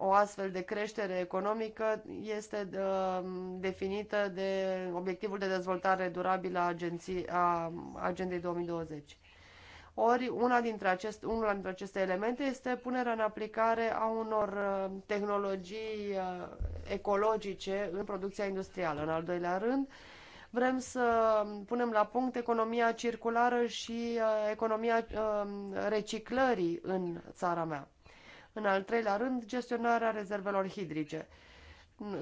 o astfel de creștere economică este uh, definită de obiectivul de dezvoltare durabilă a, a Agendei 2020. Ori una dintre acest, unul dintre aceste elemente este punerea în aplicare a unor uh, tehnologii uh, ecologice în producția industrială. În al doilea rând, vrem să punem la punct economia circulară și economia reciclării în țara mea. În al treilea rând, gestionarea rezervelor hidrice.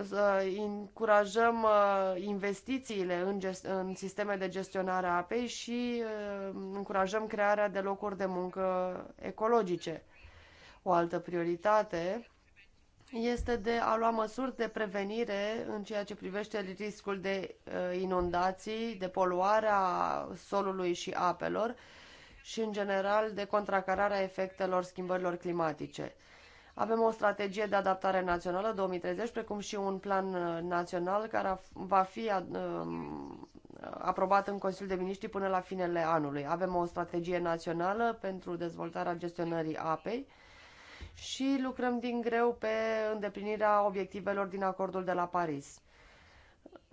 Să încurajăm uh, investițiile în, în sisteme de gestionare a apei și uh, încurajăm crearea de locuri de muncă ecologice. O altă prioritate este de a lua măsuri de prevenire în ceea ce privește riscul de uh, inundații, de poluarea solului și apelor, și, în general, de contracararea efectelor schimbărilor climatice. Avem o strategie de adaptare națională 2030, precum și un plan uh, național care va fi um, aprobat în Consiliul de Miniștri până la finele anului. Avem o strategie națională pentru dezvoltarea gestionării apei și lucrăm din greu pe îndeplinirea obiectivelor din acordul de la Paris.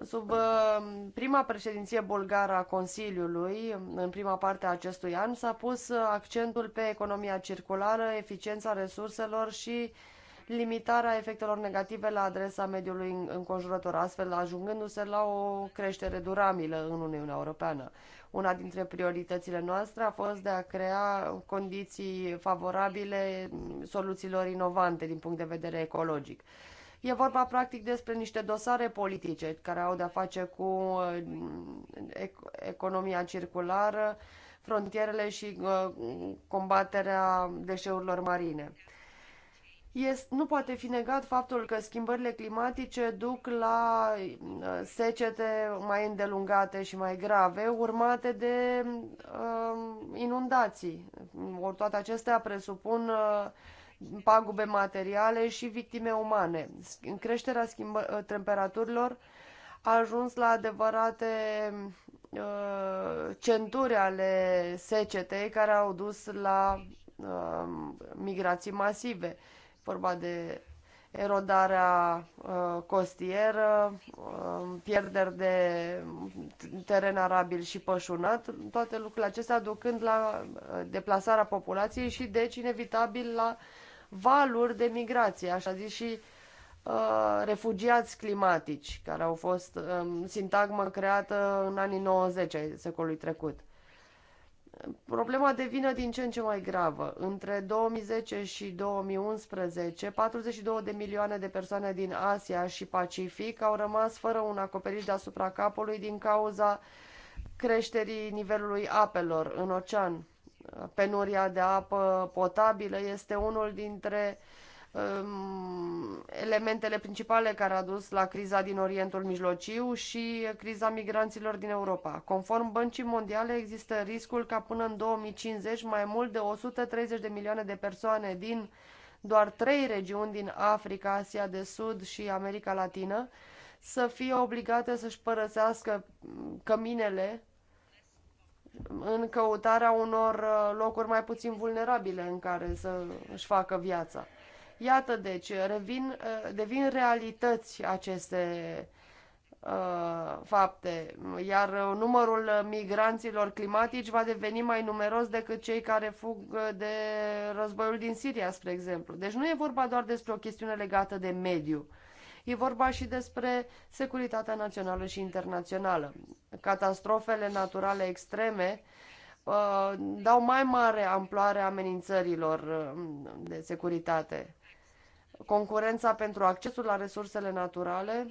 Sub uh, prima președinție bulgară a Consiliului, în prima parte a acestui an, s-a pus accentul pe economia circulară, eficiența resurselor și limitarea efectelor negative la adresa mediului înconjurător, astfel ajungându-se la o creștere durabilă în Uniunea Europeană. Una dintre prioritățile noastre a fost de a crea condiții favorabile soluțiilor inovante din punct de vedere ecologic. E vorba practic despre niște dosare politice care au de-a face cu uh, economia circulară, frontierele și uh, combaterea deșeurilor marine. Este, nu poate fi negat faptul că schimbările climatice duc la uh, secete mai îndelungate și mai grave, urmate de uh, inundații. Ori toate acestea presupun uh, pagube materiale și victime umane. Creșterea schimbă, uh, temperaturilor a ajuns la adevărate uh, centuri ale secetei care au dus la uh, migrații masive. Vorba de erodarea uh, costieră, uh, pierderi de teren arabil și pășunat, toate lucrurile acestea ducând la uh, deplasarea populației și deci inevitabil la uh, valuri de migrație, așa zis și uh, refugiați climatici, care au fost um, sintagmă creată în anii 90 ai secolului trecut. Problema devine din ce în ce mai gravă. Între 2010 și 2011, 42 de milioane de persoane din Asia și Pacific au rămas fără un acoperiș deasupra capului din cauza creșterii nivelului apelor în ocean penuria de apă potabilă este unul dintre um, elementele principale care a dus la criza din Orientul Mijlociu și criza migranților din Europa. Conform Băncii Mondiale, există riscul ca până în 2050 mai mult de 130 de milioane de persoane din doar trei regiuni din Africa, Asia de Sud și America Latină să fie obligate să-și părăsească um, căminele în căutarea unor uh, locuri mai puțin vulnerabile în care să își facă viața. Iată, deci, revin, uh, devin realități aceste uh, fapte, iar uh, numărul migranților climatici va deveni mai numeros decât cei care fug de războiul din Siria, spre exemplu. Deci nu e vorba doar despre o chestiune legată de mediu. E vorba și despre securitatea națională și internațională. Catastrofele naturale extreme uh, dau mai mare amploare amenințărilor uh, de securitate. Concurența pentru accesul la resursele naturale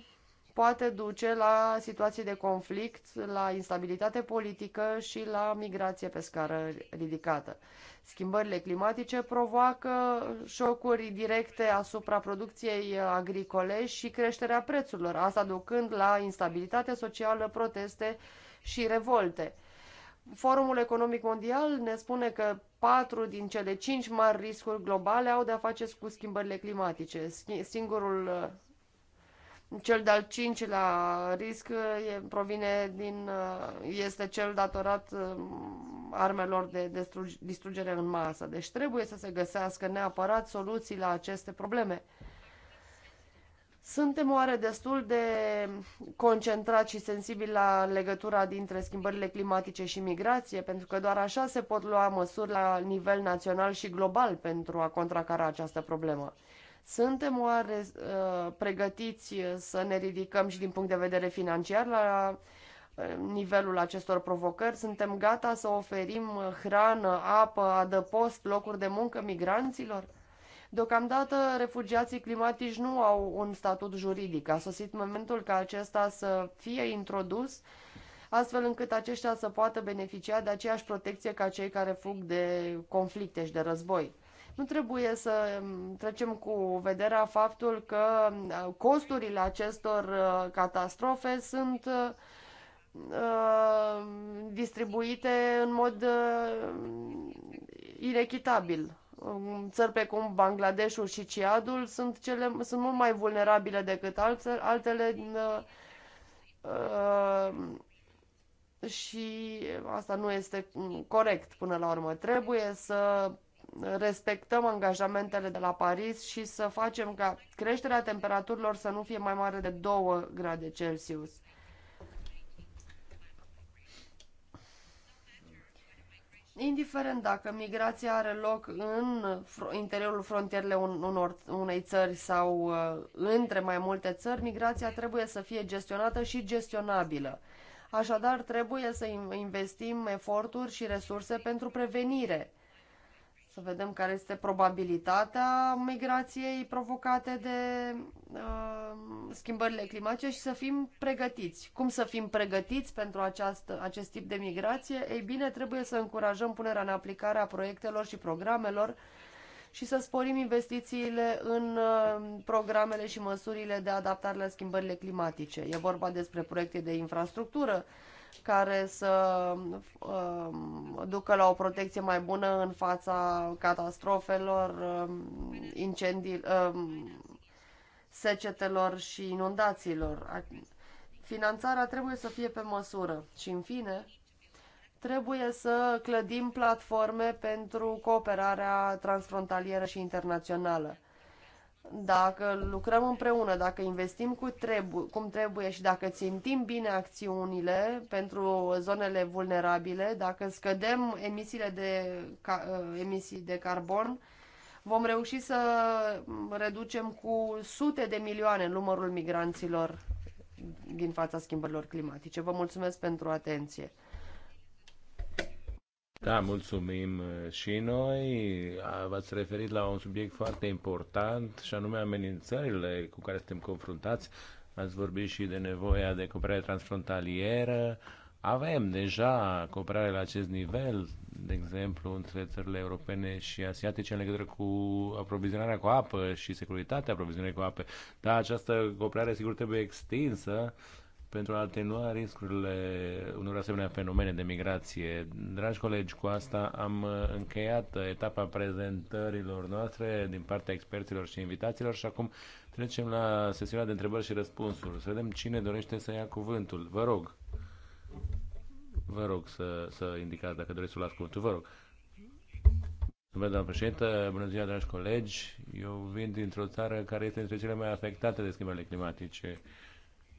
poate duce la situații de conflict, la instabilitate politică și la migrație pe scară ridicată. Schimbările climatice provoacă șocuri directe asupra producției agricole și creșterea prețurilor, asta ducând la instabilitate socială, proteste și revolte. Forumul Economic Mondial ne spune că patru din cele cinci mari riscuri globale au de-a face cu schimbările climatice. Singurul cel de-al cincilea risc e, provine din, uh, este cel datorat um, armelor de distrugere în masă. Deci trebuie să se găsească neapărat soluții la aceste probleme. Suntem oare destul de concentrați și sensibili la legătura dintre schimbările climatice și migrație? Pentru că doar așa se pot lua măsuri la nivel național și global pentru a contracara această problemă. Suntem oare uh, pregătiți uh, să ne ridicăm și din punct de vedere financiar la uh, nivelul acestor provocări? Suntem gata să oferim uh, hrană, apă, adăpost, locuri de muncă migranților? Deocamdată, refugiații climatici nu au un statut juridic. A sosit momentul ca acesta să fie introdus, astfel încât aceștia să poată beneficia de aceeași protecție ca cei care fug de conflicte și de război. Nu trebuie să mm, trecem cu vederea faptul că mm, costurile acestor mm, catastrofe sunt distribuite în mod inechitabil. Țări precum Bangladeshul și Ciadul sunt, cele, sunt mult mai vulnerabile decât alte, altele și asta nu este corect până la urmă. Trebuie să respectăm angajamentele de la Paris și să facem ca creșterea temperaturilor să nu fie mai mare de 2 grade Celsius. Indiferent dacă migrația are loc în interiorul frontierele unor, unei țări sau uh, între mai multe țări, migrația trebuie să fie gestionată și gestionabilă. Așadar, trebuie să investim eforturi și resurse pentru prevenire să vedem care este probabilitatea migrației provocate de uh, schimbările climatice și să fim pregătiți. Cum să fim pregătiți pentru această, acest tip de migrație? Ei bine, trebuie să încurajăm punerea în aplicare a proiectelor și programelor și să sporim investițiile în uh, programele și măsurile de adaptare la schimbările climatice. E vorba despre proiecte de infrastructură, uh, care să uh, ducă la o protecție mai bună în fața catastrofelor, uh, incendii, uh, secetelor și inundațiilor. Finanțarea trebuie să fie pe măsură și, în fine, trebuie să clădim platforme pentru cooperarea transfrontalieră și internațională dacă lucrăm împreună, dacă investim cu trebu- cum trebuie și dacă țintim bine acțiunile pentru zonele vulnerabile, dacă scădem emisiile de, ca, uh, emisii de carbon, vom reuși să reducem cu sute de milioane numărul migranților din fața schimbărilor climatice. Vă mulțumesc pentru atenție. Da, mulțumim uh, și noi. V-ați referit la un subiect foarte important și anume amenințările cu care suntem confruntați. Ați vorbit și de nevoia de cooperare transfrontalieră. Avem deja cooperare la acest nivel, de exemplu, între țările europene și asiatice în legătură cu aprovizionarea cu apă și securitatea aprovizionării cu apă. Dar această cooperare, sigur, trebuie extinsă pentru a atenua riscurile unor asemenea fenomene de migrație. Dragi colegi, cu asta am uh, încheiat etapa prezentărilor noastre din partea experților și invitaților și acum trecem la sesiunea de întrebări și răspunsuri. Să vedem cine dorește să ia cuvântul. Vă rog. Vă rog să, să indicați dacă doriți să luați cuvântul. Vă rog. Bună, doamnă președintă, bună ziua, dragi colegi. Eu vin dintr-o țară care este dintre cele mai afectate de schimbările climatice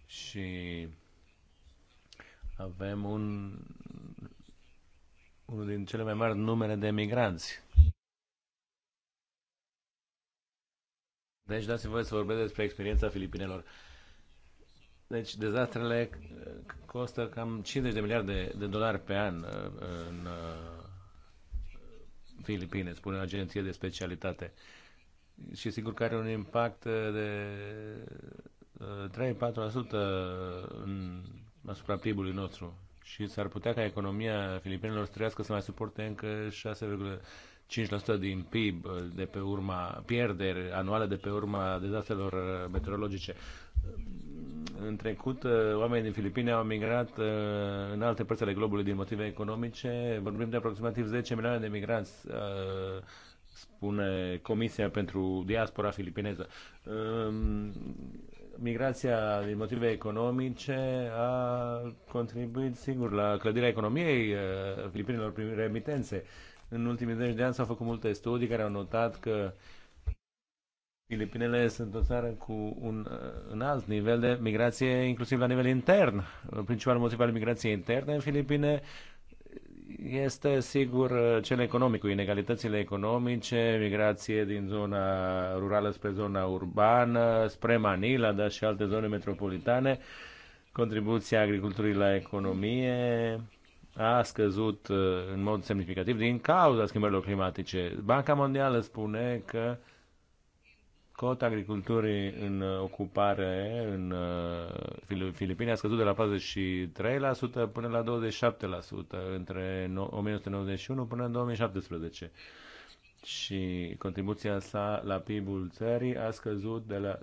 și avem un, unul din cele mai mari numere de emigranți. Deci dați-mi voie să vorbesc despre experiența filipinelor. Deci dezastrele uh, costă cam 50 de miliarde de dolari pe an uh, în uh, Filipine, spune o agenție de specialitate. Și sigur că are un impact de 3-4% în, asupra PIB-ului nostru și s-ar putea ca economia filipinelor să trăiască să mai suporte încă 6,5% din PIB de pe urma pierderi anuale de pe urma dezastrelor meteorologice. În trecut, oamenii din Filipine au migrat uh, în alte părți ale globului din motive economice. Vorbim de aproximativ 10 milioane de migranți uh, spune Comisia pentru Diaspora Filipineză. Um, migrația din motive economice a contribuit singur la clădirea economiei uh, Filipinelor prin remitențe. În ultimii 10 de ani s-au făcut multe studii care au notat că Filipinele sunt o țară cu un, uh, un alt nivel de migrație, inclusiv la nivel intern. Principalul motiv al migrației interne în Filipine este sigur uh, cel economic, cu inegalitățile economice, migrație din zona rurală spre zona urbană, spre Manila, dar și alte zone metropolitane, contribuția agriculturii la economie a scăzut uh, în mod semnificativ din cauza schimbărilor climatice. Banca Mondială spune că cota agriculturii în uh, ocupare în uh, Filipine a scăzut de la 43% până la 27% între 1991 până în 2017 și contribuția sa la PIB-ul țării a scăzut de la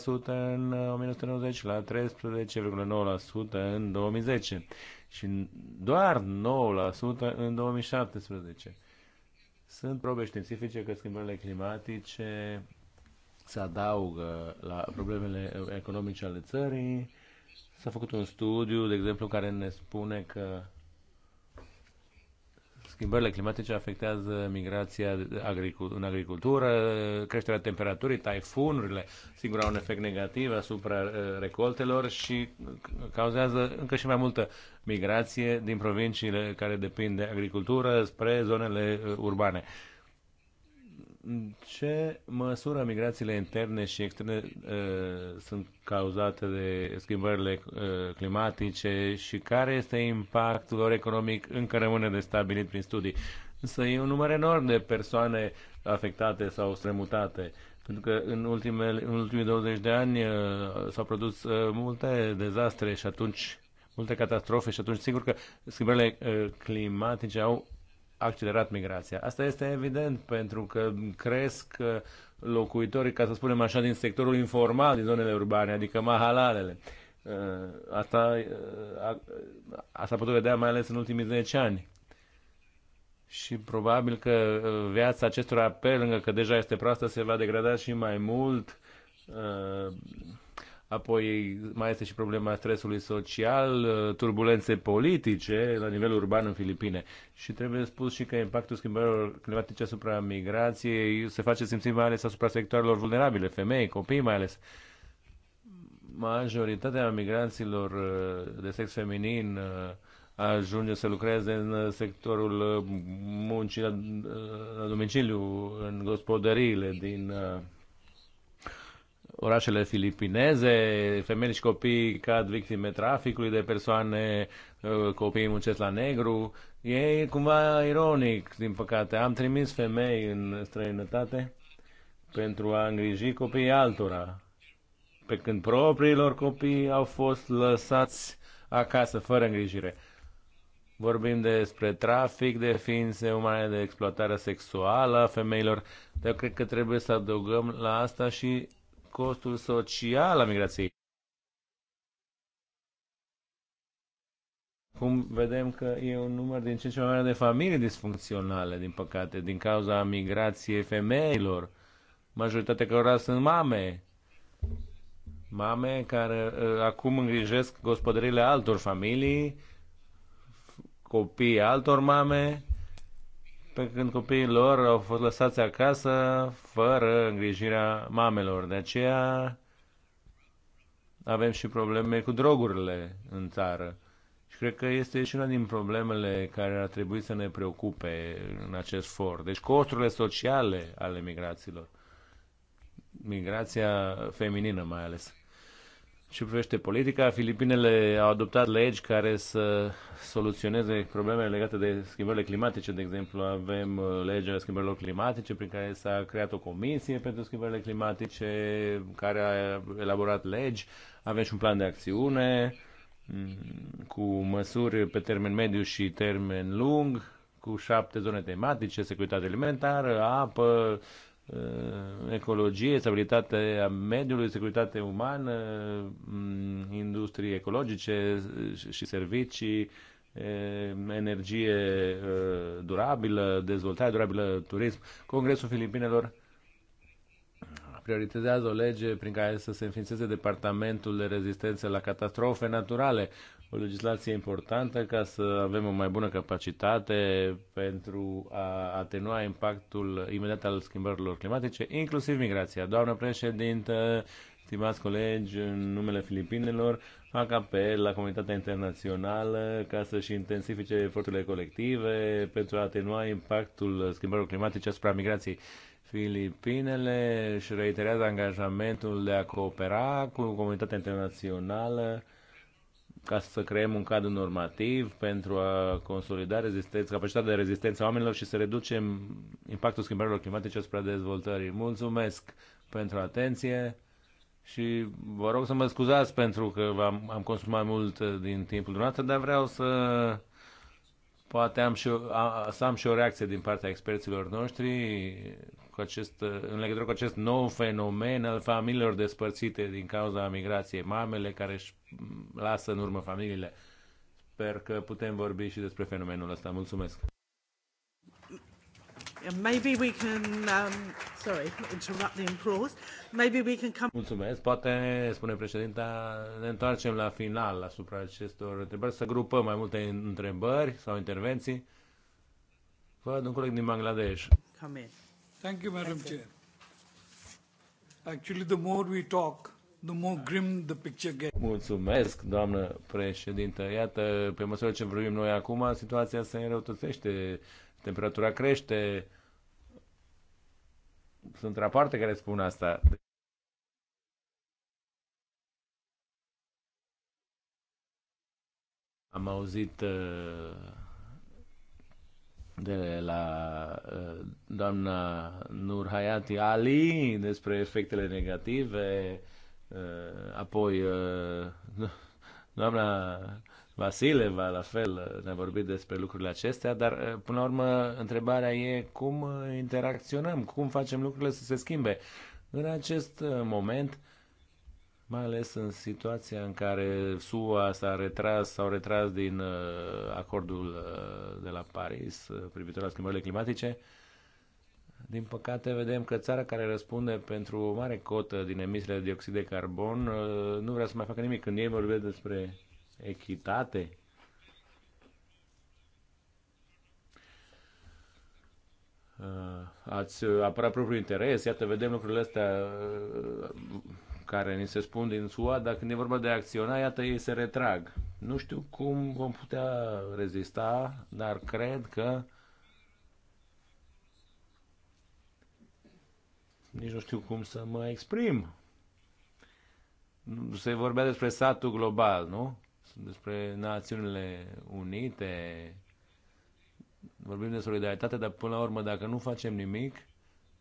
23% în 1990 uh, la 13,9% în 2010 și doar 9% în 2017. Sunt probe științifice că schimbările climatice se adaugă la problemele economice ale țării. S-a făcut un studiu, de exemplu, care ne spune că schimbările climatice afectează migrația în agricultură, creșterea temperaturii, taifunurile, sigur au un efect negativ asupra uh, recoltelor și cauzează încă și mai multă migrație din provinciile care depind de agricultură spre zonele uh, urbane ce măsură migrațiile interne și externe uh, sunt cauzate de schimbările uh, climatice și care este impactul lor economic încă rămâne de stabilit prin studii. Însă e un număr enorm de persoane afectate sau strămutate. Pentru că în, ultimele, în ultimii 20 de ani uh, s-au produs uh, multe dezastre și atunci multe catastrofe și atunci sigur că schimbările uh, climatice au accelerat migrația. Asta este evident pentru că cresc uh, locuitorii, ca să spunem așa, din sectorul informal din zonele urbane, adică mahalalele. Uh, uh, asta, a, asta putut vedea mai ales în ultimii 10 ani. Și probabil că viața acestora, pe lângă că deja este proastă, se va degrada și mai mult. Apoi mai este și problema stresului social, turbulențe politice la nivel urban în Filipine. Și trebuie spus și că impactul schimbărilor climatice asupra migrației se face simțit mai ales asupra sectoarelor vulnerabile, femei, copii mai ales. Majoritatea migranților uh, de sex feminin uh, ajunge să lucreze în uh, sectorul muncii la, la domiciliu, în gospodăriile din orașele filipineze, femei și copii cad victime traficului de persoane, uh, copiii muncesc la negru. E cumva ironic, din păcate. Am trimis femei în străinătate pentru a îngriji copiii altora, pe când propriilor copii au fost lăsați acasă, fără îngrijire. Vorbim despre trafic de ființe umane, de exploatare sexuală a femeilor, dar cred că trebuie să adăugăm la asta și costul social al migrației. Cum vedem că e un număr din ce în ce mai mare de familii disfuncționale, din păcate, din cauza migrației femeilor, majoritatea cărora sunt mame. Mame care uh, acum îngrijesc gospodările altor familii, copii altor mame pe când copiii lor au fost lăsați acasă fără îngrijirea mamelor. De aceea avem și probleme cu drogurile în țară. Și cred că este și una din problemele care ar trebui să ne preocupe în acest for. Deci costurile sociale ale migrațiilor. Migrația feminină mai ales ce privește politica, Filipinele au adoptat legi care să soluționeze problemele legate de schimbările climatice. De exemplu, avem uh, legea schimbărilor climatice prin care s-a creat o comisie pentru schimbările climatice care a elaborat legi. Avem și un plan de acțiune mm, cu măsuri pe termen mediu și termen lung, cu șapte zone tematice, securitate alimentară, apă, Uh, ecologie, stabilitatea mediului, securitate umană, mm, industrie ecologice și servicii, uh, energie uh, durabilă, dezvoltare durabilă, turism. Congresul Filipinelor prioritizează o lege prin care să se înființeze Departamentul de Rezistență la Catastrofe Naturale, o legislație importantă ca să avem o mai bună capacitate pentru a atenua impactul imediat al schimbărilor climatice, inclusiv migrația. Doamnă președintă, stimați colegi, în numele Filipinelor, fac apel la comunitatea internațională ca să-și intensifice eforturile colective pentru a atenua impactul schimbărilor climatice asupra migrației. Filipinele își reiterează angajamentul de a coopera cu comunitatea internațională ca să creăm un cadru normativ pentru a consolida rezistența, capacitatea de rezistență a oamenilor și să reducem impactul schimbărilor climatice asupra dezvoltării. Mulțumesc pentru atenție și vă rog să mă scuzați pentru că am, am consumat mult uh, din timpul dumneavoastră, dar vreau să poate am și, o, a, să am și o reacție din partea experților noștri cu acest, în legătură cu acest nou fenomen al familiilor despărțite din cauza migrației, mamele care își lasă în urmă familiile. Sper că putem vorbi și despre fenomenul ăsta. Mulțumesc! Maybe we can, um, sorry, interrupt the applause. Maybe we can come... Mulțumesc. Poate, spune președinta, ne întoarcem la final asupra acestor întrebări, să grupăm mai multe întrebări sau intervenții. Văd un coleg din Bangladesh. Come in. Thank you, Madam Thank you. Chair. Actually, the more we talk, the more grim the picture gets. Mulțumesc, doamnă președintă. Iată, pe măsură ce vorbim noi acum, situația se înrăutățește, temperatura crește. Sunt rapoarte care spun asta. Am auzit uh, de la uh, doamna Nur Hayati Ali despre efectele negative, uh, apoi uh, doamna Vasileva la fel ne-a vorbit despre lucrurile acestea, dar până la urmă întrebarea e cum interacționăm, cum facem lucrurile să se schimbe. În acest moment mai ales în situația în care SUA s-a retras, s-au retras din uh, acordul uh, de la Paris uh, privitor la schimbările climatice. Din păcate, vedem că țara care răspunde pentru o mare cotă din emisiile de dioxid de carbon nu vrea să mai facă nimic. Când ei vorbesc despre echitate, ați apărat propriul interes, iată, vedem lucrurile astea care ni se spun din SUA, dacă când e vorba de a acționa, iată, ei se retrag. Nu știu cum vom putea rezista, dar cred că nici nu știu cum să mă exprim. Se vorbea despre satul global, nu? Despre Națiunile Unite. Vorbim de solidaritate, dar până la urmă, dacă nu facem nimic,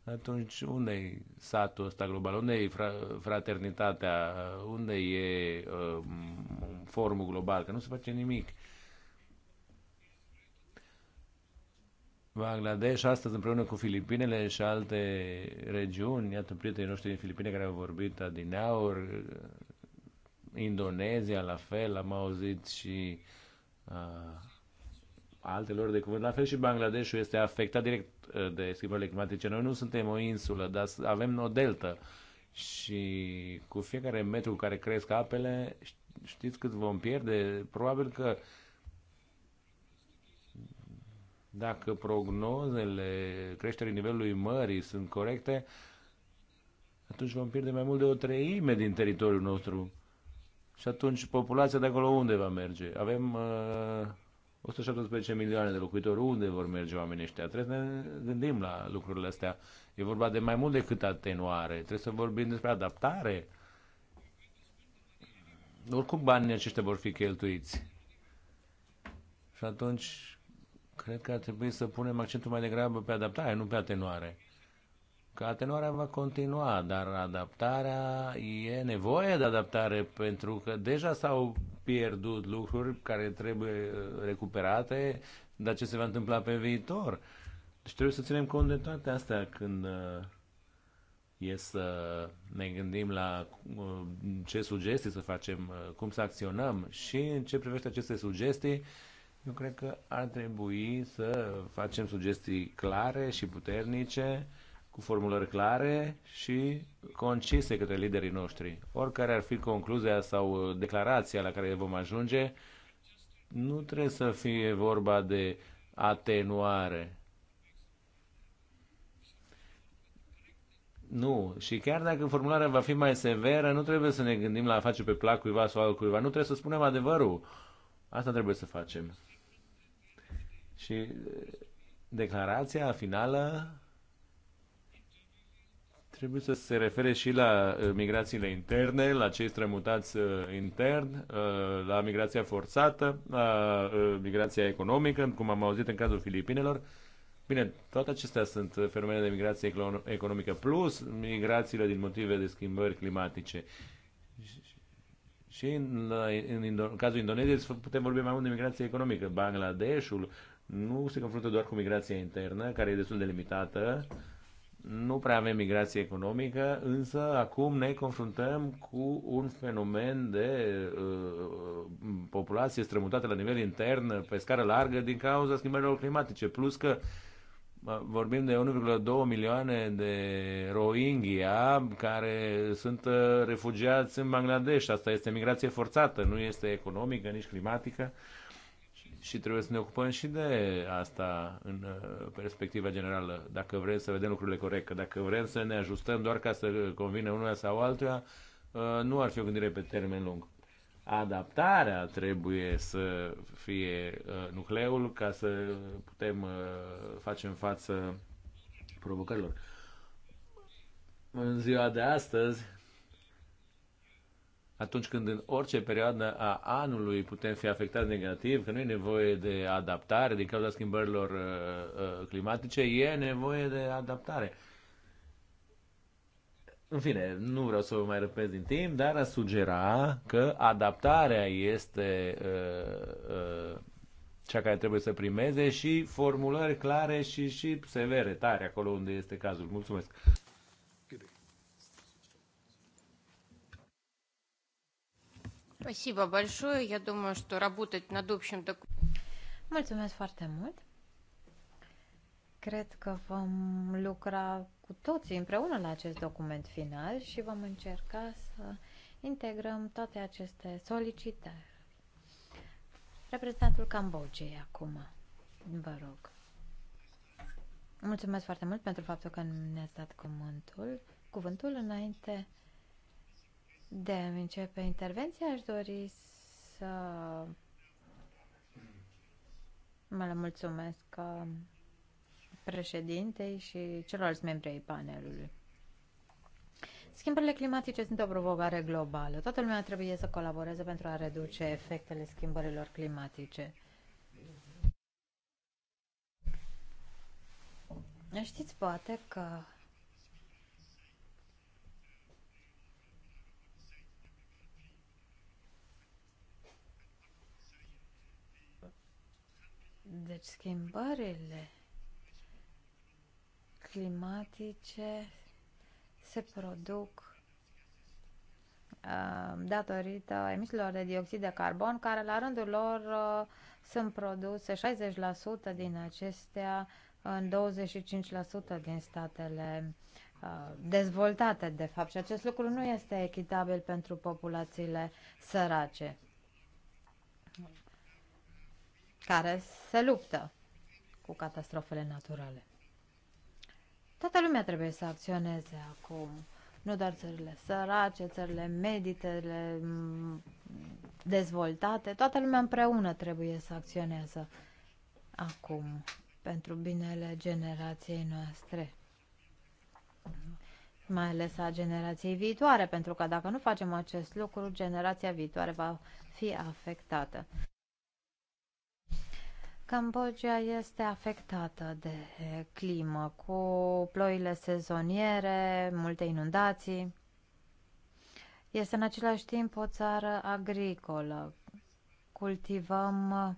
atunci unde e satul ăsta global? Unde e fra- fraternitatea? Unde e uh, formul global? Că nu se face nimic. Bangladesh astăzi împreună cu Filipinele și alte regiuni, iată prietenii noștri din Filipine care au vorbit adineauri, Indonezia la fel, am auzit și uh, alte de cuvânt, la fel și Bangladeshul este afectat direct de schimbările climatice. Noi nu suntem o insulă, dar avem o deltă și cu fiecare metru cu care cresc apele, știți cât vom pierde? Probabil că dacă prognozele creșterii nivelului mării sunt corecte, atunci vom pierde mai mult de o treime din teritoriul nostru. Și atunci populația de acolo unde va merge? Avem uh, 117 milioane de locuitori, unde vor merge oamenii ăștia? Trebuie să ne gândim la lucrurile astea. E vorba de mai mult decât atenuare. Trebuie să vorbim despre adaptare. Oricum banii aceștia vor fi cheltuiți. Și atunci, cred că ar trebui să punem accentul mai degrabă pe adaptare, nu pe atenuare. Că atenuarea va continua, dar adaptarea e nevoie de adaptare pentru că deja s-au pierdut lucruri care trebuie uh, recuperate, dar ce se va întâmpla pe viitor? Deci trebuie să ținem cont de toate astea când uh, e să ne gândim la uh, ce sugestii să facem, cum să acționăm și în ce privește aceste sugestii, eu cred că ar trebui să facem sugestii clare și puternice cu formulări clare și concise către liderii noștri. Oricare ar fi concluzia sau declarația la care vom ajunge, nu trebuie să fie vorba de atenuare. Nu. Și chiar dacă formularea va fi mai severă, nu trebuie să ne gândim la a face pe plac cuiva sau al cuiva. Nu trebuie să spunem adevărul. Asta trebuie să facem. Și declarația finală trebuie să se refere și la uh, migrațiile interne, la cei strămutați uh, intern, uh, la migrația forțată, la migrația economică, cum am auzit în cazul Filipinelor. Bine, toate acestea sunt fenomene de migrație economică, plus migrațiile din motive de schimbări climatice. Și în, în, în cazul Indoneziei putem vorbi mai mult de migrație economică. Bangladeshul nu se confruntă doar cu migrația internă, care e destul de limitată, nu prea avem migrație economică, însă acum ne confruntăm cu un fenomen de uh, populație strămutată la nivel intern, pe scară largă, din cauza schimbărilor climatice. Plus că vorbim de 1,2 milioane de Rohingya care sunt uh, refugiați în Bangladesh. Asta este migrație forțată, nu este economică, nici climatică. Uh, și trebuie să ne ocupăm și de asta în uh, perspectiva generală, dacă vrem să vedem lucrurile corect, că dacă vrem să ne ajustăm doar ca să convine unul sau altuia, uh, nu ar fi o gândire pe termen lung. Adaptarea trebuie să fie uh, nucleul ca să putem face în față provocărilor. În ziua de astăzi, atunci când în orice perioadă a anului putem fi afectați negativ, că nu e nevoie de adaptare din cauza schimbărilor uh, uh, climatice, e nevoie de adaptare. În fine, nu vreau să vă mai răpesc din timp, dar a sugera că adaptarea este uh, uh, cea care trebuie să primeze și formulări clare și, și severe, tare, acolo unde este cazul. Mulțumesc! Спасибо большое. Я думаю, что работать над общим документом. Mulțumesc foarte mult. Cred că vom lucra cu toții împreună la acest document final și vom încerca să integrăm toate aceste solicitări. Reprezentantul Cambodgiei acum, vă rog. Mulțumesc foarte mult pentru faptul că ne-ați dat cuvântul. Cuvântul înainte de a începe intervenția, aș dori să mă le mulțumesc uh, președintei și celorlalți membri ai panelului. Schimbările climatice sunt o provocare globală. Toată lumea trebuie să colaboreze pentru a reduce efectele schimbărilor climatice. Știți poate că Deci schimbările climatice se produc uh, datorită emisiilor de dioxid de carbon, care la rândul lor uh, sunt produse 60% din acestea în 25% din statele uh, dezvoltate, de fapt. Și acest lucru nu este echitabil pentru populațiile sărace care se luptă cu catastrofele naturale. Toată lumea trebuie să acționeze acum, nu doar țările sărace, țările meditele mm, dezvoltate, toată lumea împreună trebuie să acționeze acum pentru binele generației noastre mai ales a generației viitoare, pentru că dacă nu facem acest lucru, generația viitoare va fi afectată. Cambodgia este afectată de climă, cu ploile sezoniere, multe inundații. Este în același timp o țară agricolă. Cultivăm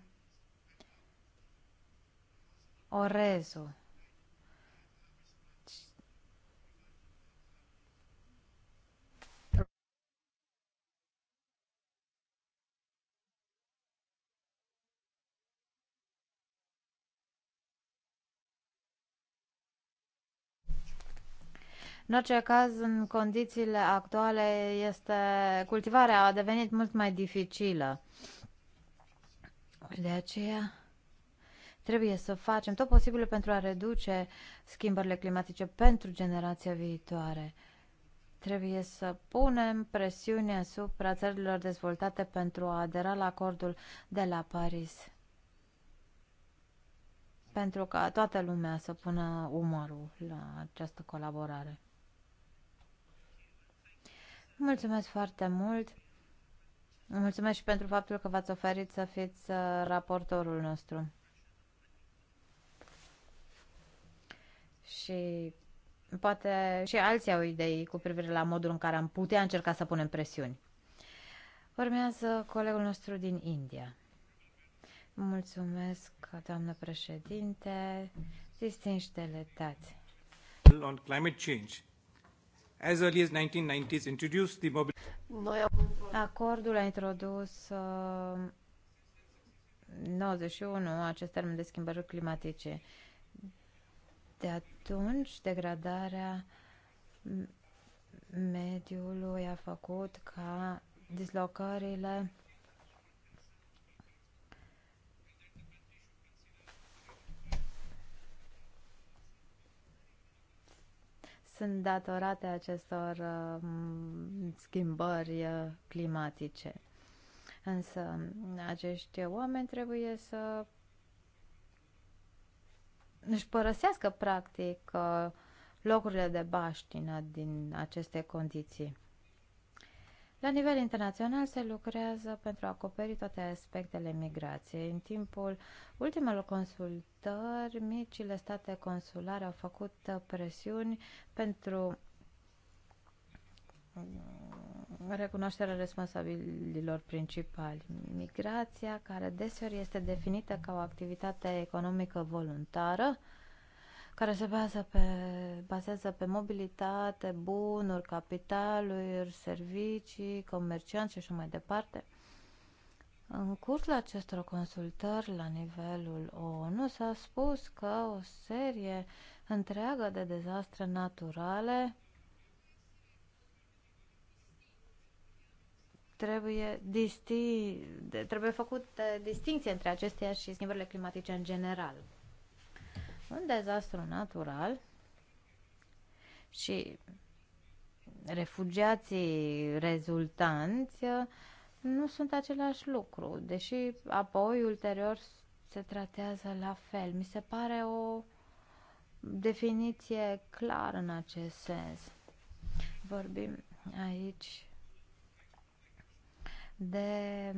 orezul În orice caz, în condițiile actuale, este, cultivarea a devenit mult mai dificilă. De aceea trebuie să facem tot posibilul pentru a reduce schimbările climatice pentru generația viitoare. Trebuie să punem presiune asupra țărilor dezvoltate pentru a adera la acordul de la Paris. Pentru ca toată lumea să pună umărul la această colaborare. Mulțumesc foarte mult! Mulțumesc și pentru faptul că v-ați oferit să fiți uh, raportorul nostru. Și poate și alții au idei cu privire la modul în care am putea încerca să punem presiuni. Urmează colegul nostru din India. Mulțumesc, doamnă președinte, distinși deletați. On climate change as early as 1990s introduced the mobile Noi acordul a introdus uh, 91 acest termen de schimbări climatice. De atunci, degradarea mediului a făcut ca dislocările sunt datorate acestor um, schimbări uh, climatice. Însă um, acești oameni trebuie să își părăsească practic uh, locurile de baștină din aceste condiții. La nivel internațional se lucrează pentru a acoperi toate aspectele migrației. În timpul ultimelor consultări, micile state consulare au făcut presiuni pentru recunoașterea responsabililor principali. Migrația, care deseori este definită ca o activitate economică voluntară, care se bazează pe, bazează pe mobilitate, bunuri, capitaluri, servicii, comercianți și așa mai departe. În cursul acestor consultări la nivelul ONU s-a spus că o serie întreagă de dezastre naturale trebuie, disti- trebuie făcută distinție între acestea și schimbările climatice în general un dezastru natural și refugiații rezultanți uh, nu sunt același lucru, deși apoi ulterior se tratează la fel. Mi se pare o definiție clară în acest sens. Vorbim aici de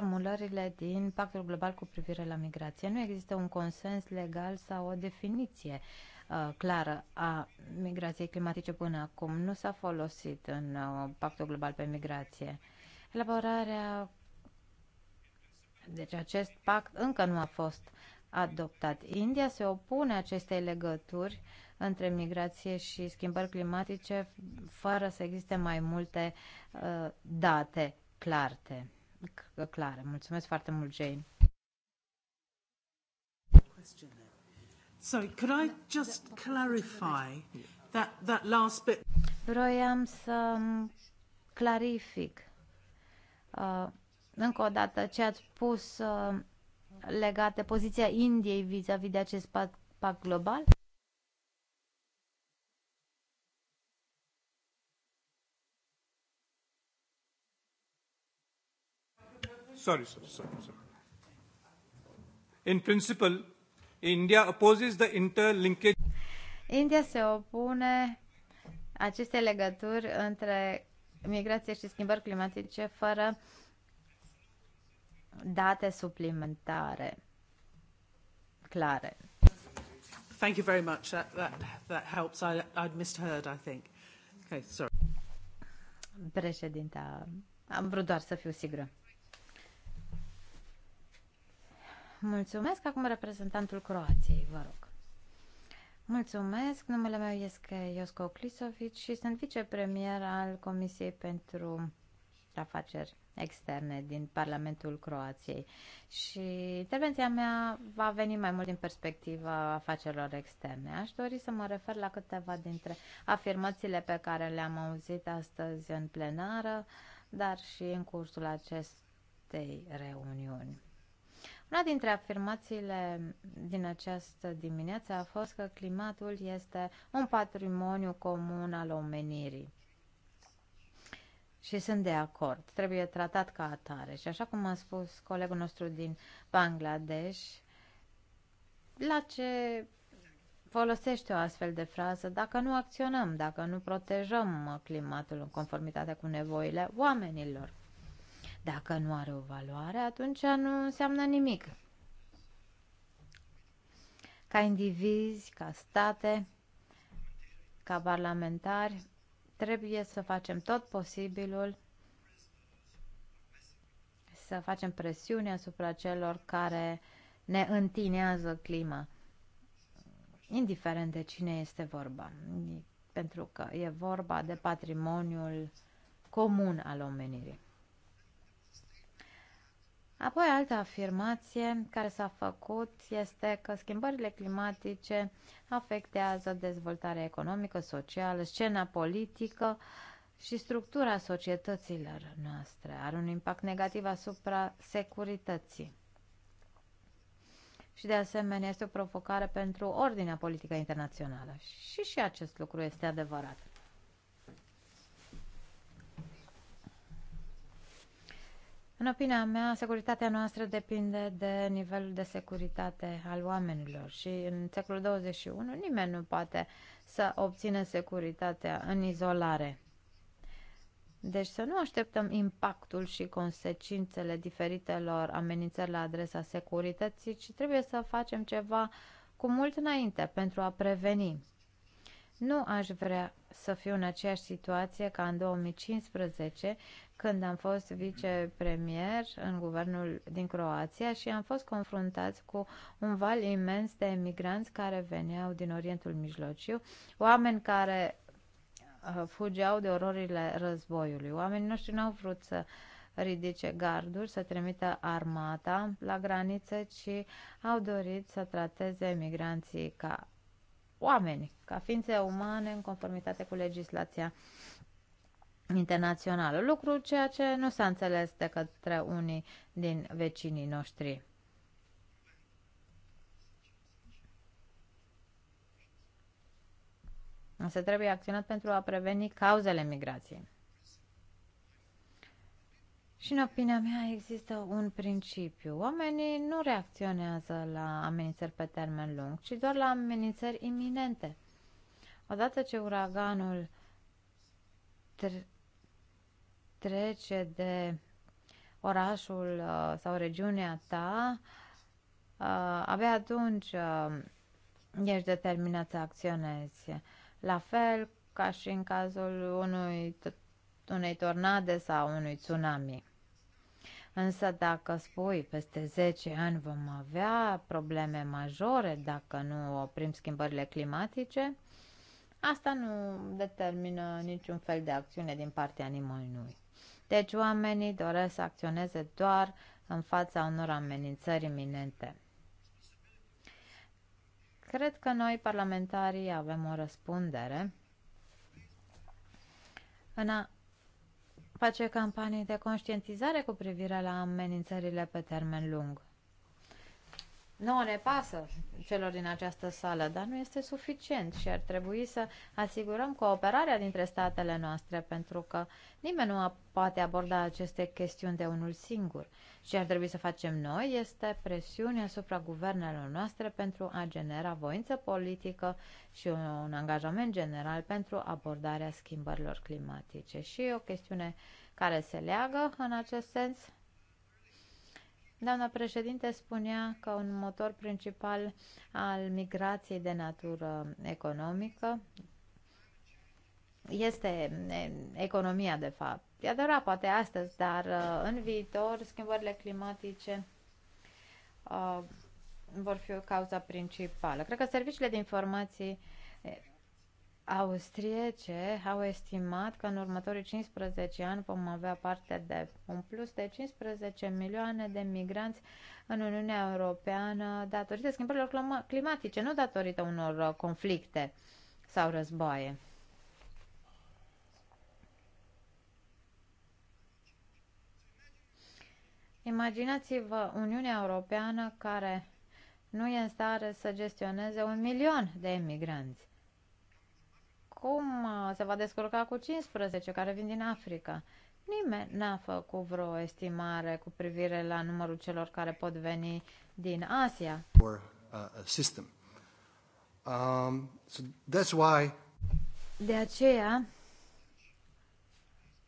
formulările din Pactul Global cu privire la migrație. Nu există un consens legal sau o definiție uh, clară a migrației climatice până acum. Nu s-a folosit în uh, Pactul Global pe migrație. Elaborarea deci acest pact încă nu a fost adoptat. India se opune acestei legături între migrație și schimbări climatice fără să existe mai multe uh, date clare clare. Mulțumesc foarte mult, Jane. So, could I just clarify that, that last bit? Vroiam să clarific uh, încă o dată ce ați spus uh, legat de poziția Indiei vis a -vis de acest pact global. sorry, sorry, sorry, sorry. In principle, India opposes the interlinkage. India se opune aceste legături între migrație și schimbări climatice fără date suplimentare clare. Thank you very much. That, that, that helps. I, I'd misheard, I think. Okay, sorry. Președinta, am vrut doar să fiu sigură. Mulțumesc. Acum reprezentantul Croației, vă rog. Mulțumesc. Numele meu este Iosco Clisovici și sunt vicepremier al Comisiei pentru afaceri externe din Parlamentul Croației. Și intervenția mea va veni mai mult din perspectiva afacerilor externe. Aș dori să mă refer la câteva dintre afirmațiile pe care le-am auzit astăzi în plenară, dar și în cursul acestei reuniuni. Una dintre afirmațiile din această dimineață a fost că climatul este un patrimoniu comun al omenirii. Și sunt de acord. Trebuie tratat ca atare. Și așa cum a spus colegul nostru din Bangladesh, la ce folosește o astfel de frază dacă nu acționăm, dacă nu protejăm climatul în conformitate cu nevoile oamenilor? Dacă nu are o valoare, atunci nu înseamnă nimic. Ca indivizi, ca state, ca parlamentari, trebuie să facem tot posibilul să facem presiune asupra celor care ne întinează clima, indiferent de cine este vorba, pentru că e vorba de patrimoniul comun al omenirii. Apoi, altă afirmație care s-a făcut este că schimbările climatice afectează dezvoltarea economică, socială, scena politică și structura societăților noastre. Are un impact negativ asupra securității. Și de asemenea este o provocare pentru ordinea politică internațională. Și și acest lucru este adevărat. În opinia mea, securitatea noastră depinde de nivelul de securitate al oamenilor și în secolul 21 nimeni nu poate să obțină securitatea în izolare. Deci să nu așteptăm impactul și consecințele diferitelor amenințări la adresa securității, ci trebuie să facem ceva cu mult înainte pentru a preveni. Nu aș vrea să fiu în aceeași situație ca în 2015, când am fost vicepremier în guvernul din Croația și am fost confruntați cu un val imens de emigranți care veneau din Orientul Mijlociu, oameni care uh, fugeau de ororile războiului. Oamenii noștri nu au vrut să ridice garduri, să trimită armata la graniță, ci au dorit să trateze emigranții ca oameni, ca ființe umane în conformitate cu legislația internațională, lucru ceea ce nu s-a înțeles de către unii din vecinii noștri. Însă trebuie acționat pentru a preveni cauzele migrației. Și în opinia mea există un principiu. Oamenii nu reacționează la amenințări pe termen lung, ci doar la amenințări iminente. Odată ce uraganul trece de orașul uh, sau regiunea ta, uh, abia atunci uh, ești determinat să acționezi. La fel ca și în cazul unui, unei tornade sau unui tsunami. Însă dacă spui peste 10 ani vom avea probleme majore dacă nu oprim schimbările climatice, asta nu determină niciun fel de acțiune din partea nimănui. Deci oamenii doresc să acționeze doar în fața unor amenințări iminente. Cred că noi, parlamentarii, avem o răspundere în a face campanii de conștientizare cu privire la amenințările pe termen lung. Nu ne pasă celor din această sală, dar nu este suficient și ar trebui să asigurăm cooperarea dintre statele noastre, pentru că nimeni nu poate aborda aceste chestiuni de unul singur. Ce ar trebui să facem noi este presiune asupra guvernelor noastre pentru a genera voință politică și un angajament general pentru abordarea schimbărilor climatice. Și o chestiune care se leagă în acest sens Doamna președinte spunea că un motor principal al migrației de natură economică este economia, de fapt. E adevărat, poate astăzi, dar uh, în viitor schimbările climatice uh, vor fi o cauza principală. Cred că serviciile de informații austriece au estimat că în următorii 15 ani vom avea parte de un plus de 15 milioane de migranți în Uniunea Europeană datorită schimbărilor climatice, nu datorită unor uh, conflicte sau războaie. Imaginați-vă Uniunea Europeană care nu e în stare să gestioneze un milion de emigranți acum uh, se va descurca cu 15 care vin din Africa. Nimeni n-a făcut vreo estimare cu privire la numărul celor care pot veni din Asia. Or, uh, system. Um, so that's why... De aceea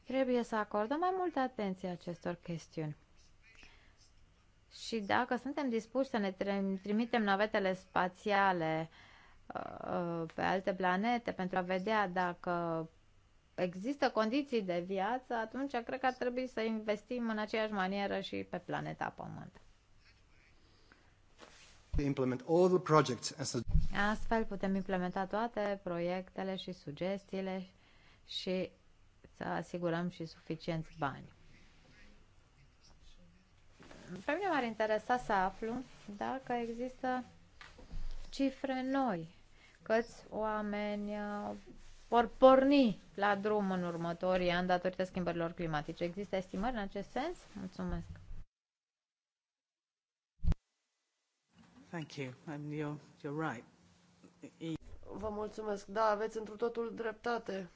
trebuie să acordăm mai multă atenție acestor chestiuni. Și dacă suntem dispuși să ne trimitem navetele spațiale uh, Uh, pe alte planete pentru a vedea dacă există condiții de viață, atunci cred că ar trebui să investim în aceeași manieră și pe planeta Pământ. Astfel putem implementa toate proiectele și sugestiile și să asigurăm și suficienți bani. Pe mine m-ar interesa să aflu dacă există cifre noi câți oameni uh, vor porni la drum în următorii ani datorită schimbărilor climatice. Există estimări în acest sens? Mulțumesc! Thank you. And um, you're, you're right. Vă mulțumesc. Da, aveți întru totul dreptate.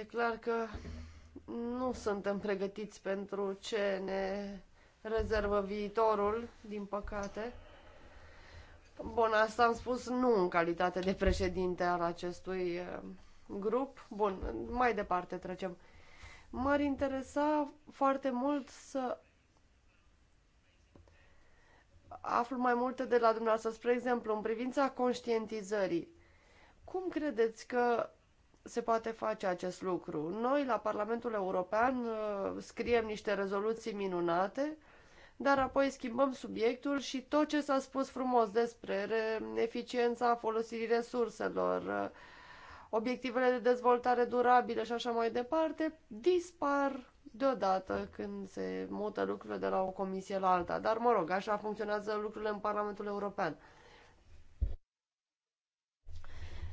E clar că nu suntem pregătiți pentru ce ne rezervă viitorul, din păcate. Bun, asta am spus nu în calitate de președinte al acestui uh, grup. Bun, mai departe trecem. M-ar interesa foarte mult să aflu mai multe de la dumneavoastră. Spre exemplu, în privința conștientizării, cum credeți că se poate face acest lucru? Noi, la Parlamentul European, uh, scriem niște rezoluții minunate, dar apoi schimbăm subiectul și tot ce s-a spus frumos despre eficiența folosirii resurselor, obiectivele de dezvoltare durabilă și așa mai departe, dispar deodată când se mută lucrurile de la o comisie la alta. Dar, mă rog, așa funcționează lucrurile în Parlamentul European.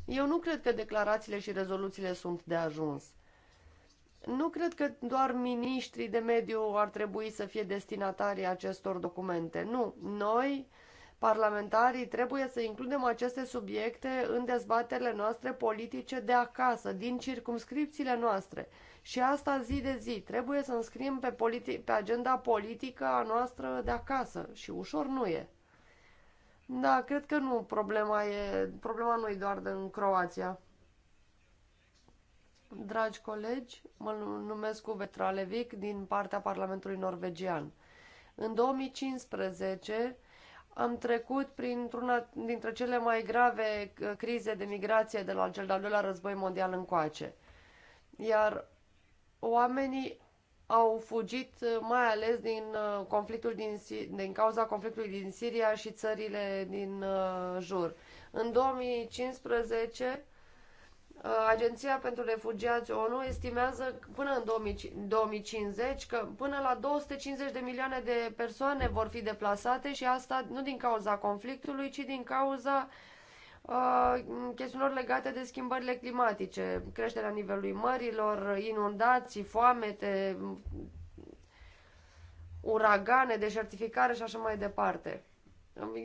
Eu nu cred că declarațiile și rezoluțiile sunt de ajuns. Nu cred că doar miniștrii de mediu ar trebui să fie destinatarii acestor documente. Nu, noi, parlamentarii, trebuie să includem aceste subiecte în dezbaterile noastre politice de acasă, din circumscripțiile noastre. Și asta zi de zi. Trebuie să înscriem pe, pe agenda politică a noastră de acasă. Și ușor nu e. Da, cred că nu problema e, problema nu e doar în Croația. Dragi colegi, mă numesc Uwe Tralevic din partea Parlamentului Norvegian. În 2015 am trecut printr-una dintre cele mai grave uh, crize de migrație de la cel de-al doilea război mondial încoace. Iar oamenii au fugit uh, mai ales din uh, conflictul din, din cauza conflictului din Siria și țările din jur. În 2015 Uh, Agenția pentru Refugiați ONU estimează până în 2050 că până la 250 de milioane de persoane vor fi deplasate și asta nu din cauza conflictului, ci din cauza uh, chestiunilor legate de schimbările climatice, creșterea nivelului mărilor, inundații, foamete, uragane, deșertificare și așa mai departe.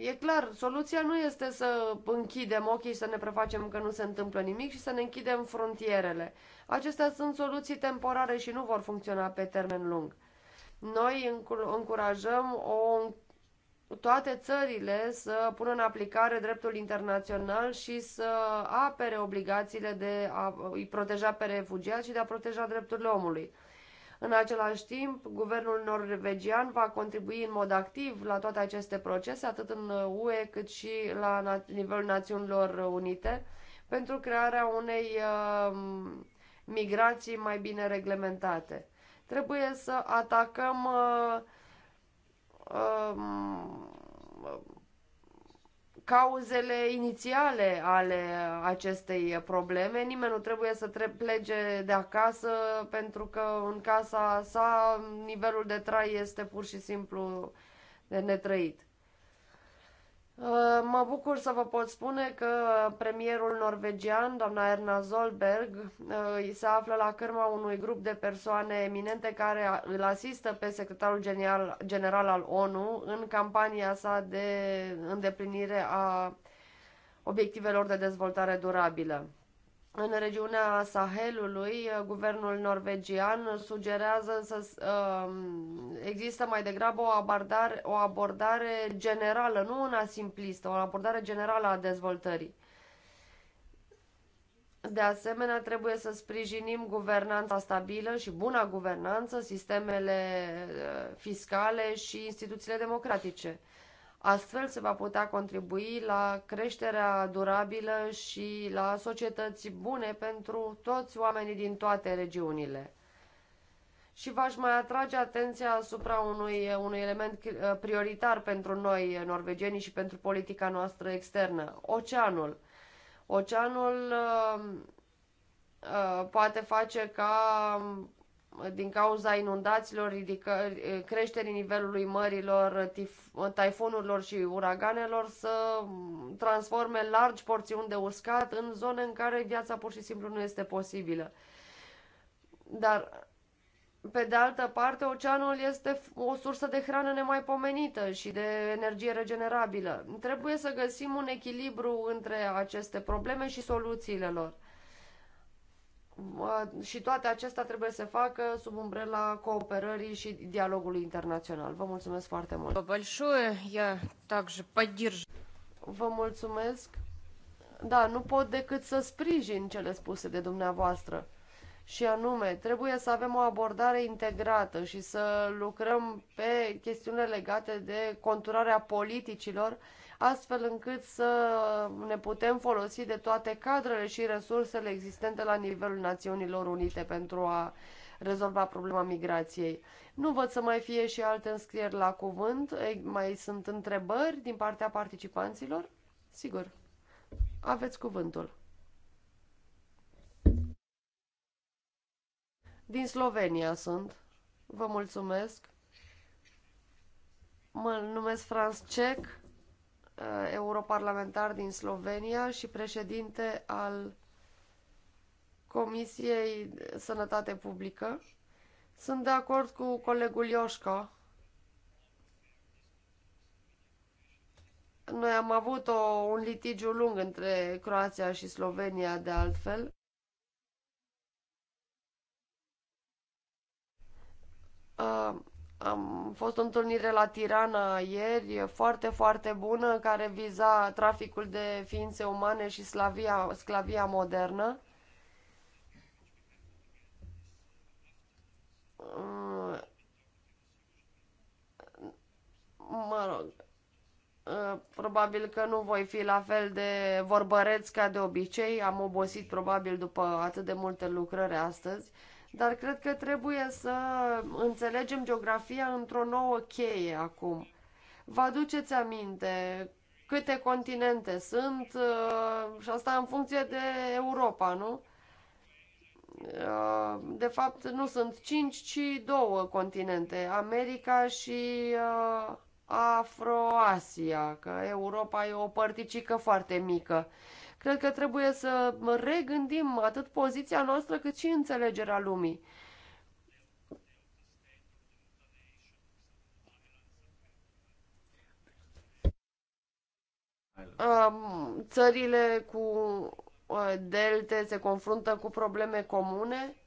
E clar, soluția nu este să închidem ochii și să ne prefacem că nu se întâmplă nimic și să ne închidem frontierele. Acestea sunt soluții temporare și nu vor funcționa pe termen lung. Noi încurajăm o, toate țările să pună în aplicare dreptul internațional și să apere obligațiile de a îi proteja pe refugiați și de a proteja drepturile omului. În același timp, guvernul norvegian va contribui în mod activ la toate aceste procese, atât în UE cât și la nivelul Națiunilor Unite, pentru crearea unei uh, migrații mai bine reglementate. Trebuie să atacăm uh, uh, cauzele inițiale ale acestei probleme. Nimeni nu trebuie să tre- plece de acasă pentru că în casa sa nivelul de trai este pur și simplu de netrăit. Uh, mă bucur să vă pot spune că premierul norvegian, doamna Erna Zolberg, uh, se află la cârma unui grup de persoane eminente care îl asistă pe secretarul general, general al ONU în campania sa de îndeplinire a obiectivelor de dezvoltare durabilă. În regiunea Sahelului, uh, guvernul norvegian sugerează să uh, există mai degrabă o abordare, o abordare generală, nu una simplistă, o abordare generală a dezvoltării. De asemenea, trebuie să sprijinim guvernanța stabilă și buna guvernanță, sistemele uh, fiscale și instituțiile democratice. Astfel se va putea contribui la creșterea durabilă și la societăți bune pentru toți oamenii din toate regiunile. Și v-aș mai atrage atenția asupra unui, unui element uh, prioritar pentru noi, uh, norvegenii, și pentru politica noastră externă, oceanul. Oceanul uh, uh, poate face ca din cauza inundațiilor, ridică, creșterii nivelului mărilor, tif, taifunurilor și uraganelor să transforme largi porțiuni de uscat în zone în care viața pur și simplu nu este posibilă. Dar, pe de altă parte, oceanul este o sursă de hrană nemaipomenită și de energie regenerabilă. Trebuie să găsim un echilibru între aceste probleme și soluțiile lor și toate acestea trebuie să facă sub umbrela cooperării și dialogului internațional. Vă mulțumesc foarte mult! Vă mulțumesc! Da, nu pot decât să sprijin cele spuse de dumneavoastră. Și anume, trebuie să avem o abordare integrată și să lucrăm pe chestiunile legate de conturarea politicilor astfel încât să ne putem folosi de toate cadrele și resursele existente la nivelul Națiunilor Unite pentru a rezolva problema migrației. Nu văd să mai fie și alte înscrieri la cuvânt. Mai sunt întrebări din partea participanților? Sigur. Aveți cuvântul. Din Slovenia sunt. Vă mulțumesc. Mă numesc Franz Cech Uh, europarlamentar din Slovenia și președinte al Comisiei Sănătate Publică. Sunt de acord cu colegul Ioșca. Noi am avut o, un litigiu lung între Croația și Slovenia, de altfel. Uh, am fost o întâlnire la Tirana ieri, foarte, foarte bună, care viza traficul de ființe umane și slavia, sclavia modernă. Mm, mă rog, mm, probabil că nu voi fi la fel de vorbăreț ca de obicei, am obosit probabil după atât de multe lucrări astăzi, dar cred că trebuie să înțelegem geografia într-o nouă cheie acum. Vă aduceți aminte câte continente sunt uh, și asta în funcție de Europa, nu? Uh, de fapt, nu sunt cinci, ci două continente, America și uh, Afroasia, că Europa e o părticică foarte mică. Cred că trebuie să regândim atât poziția noastră cât și înțelegerea lumii. Țările cu uh, delte se confruntă cu probleme comune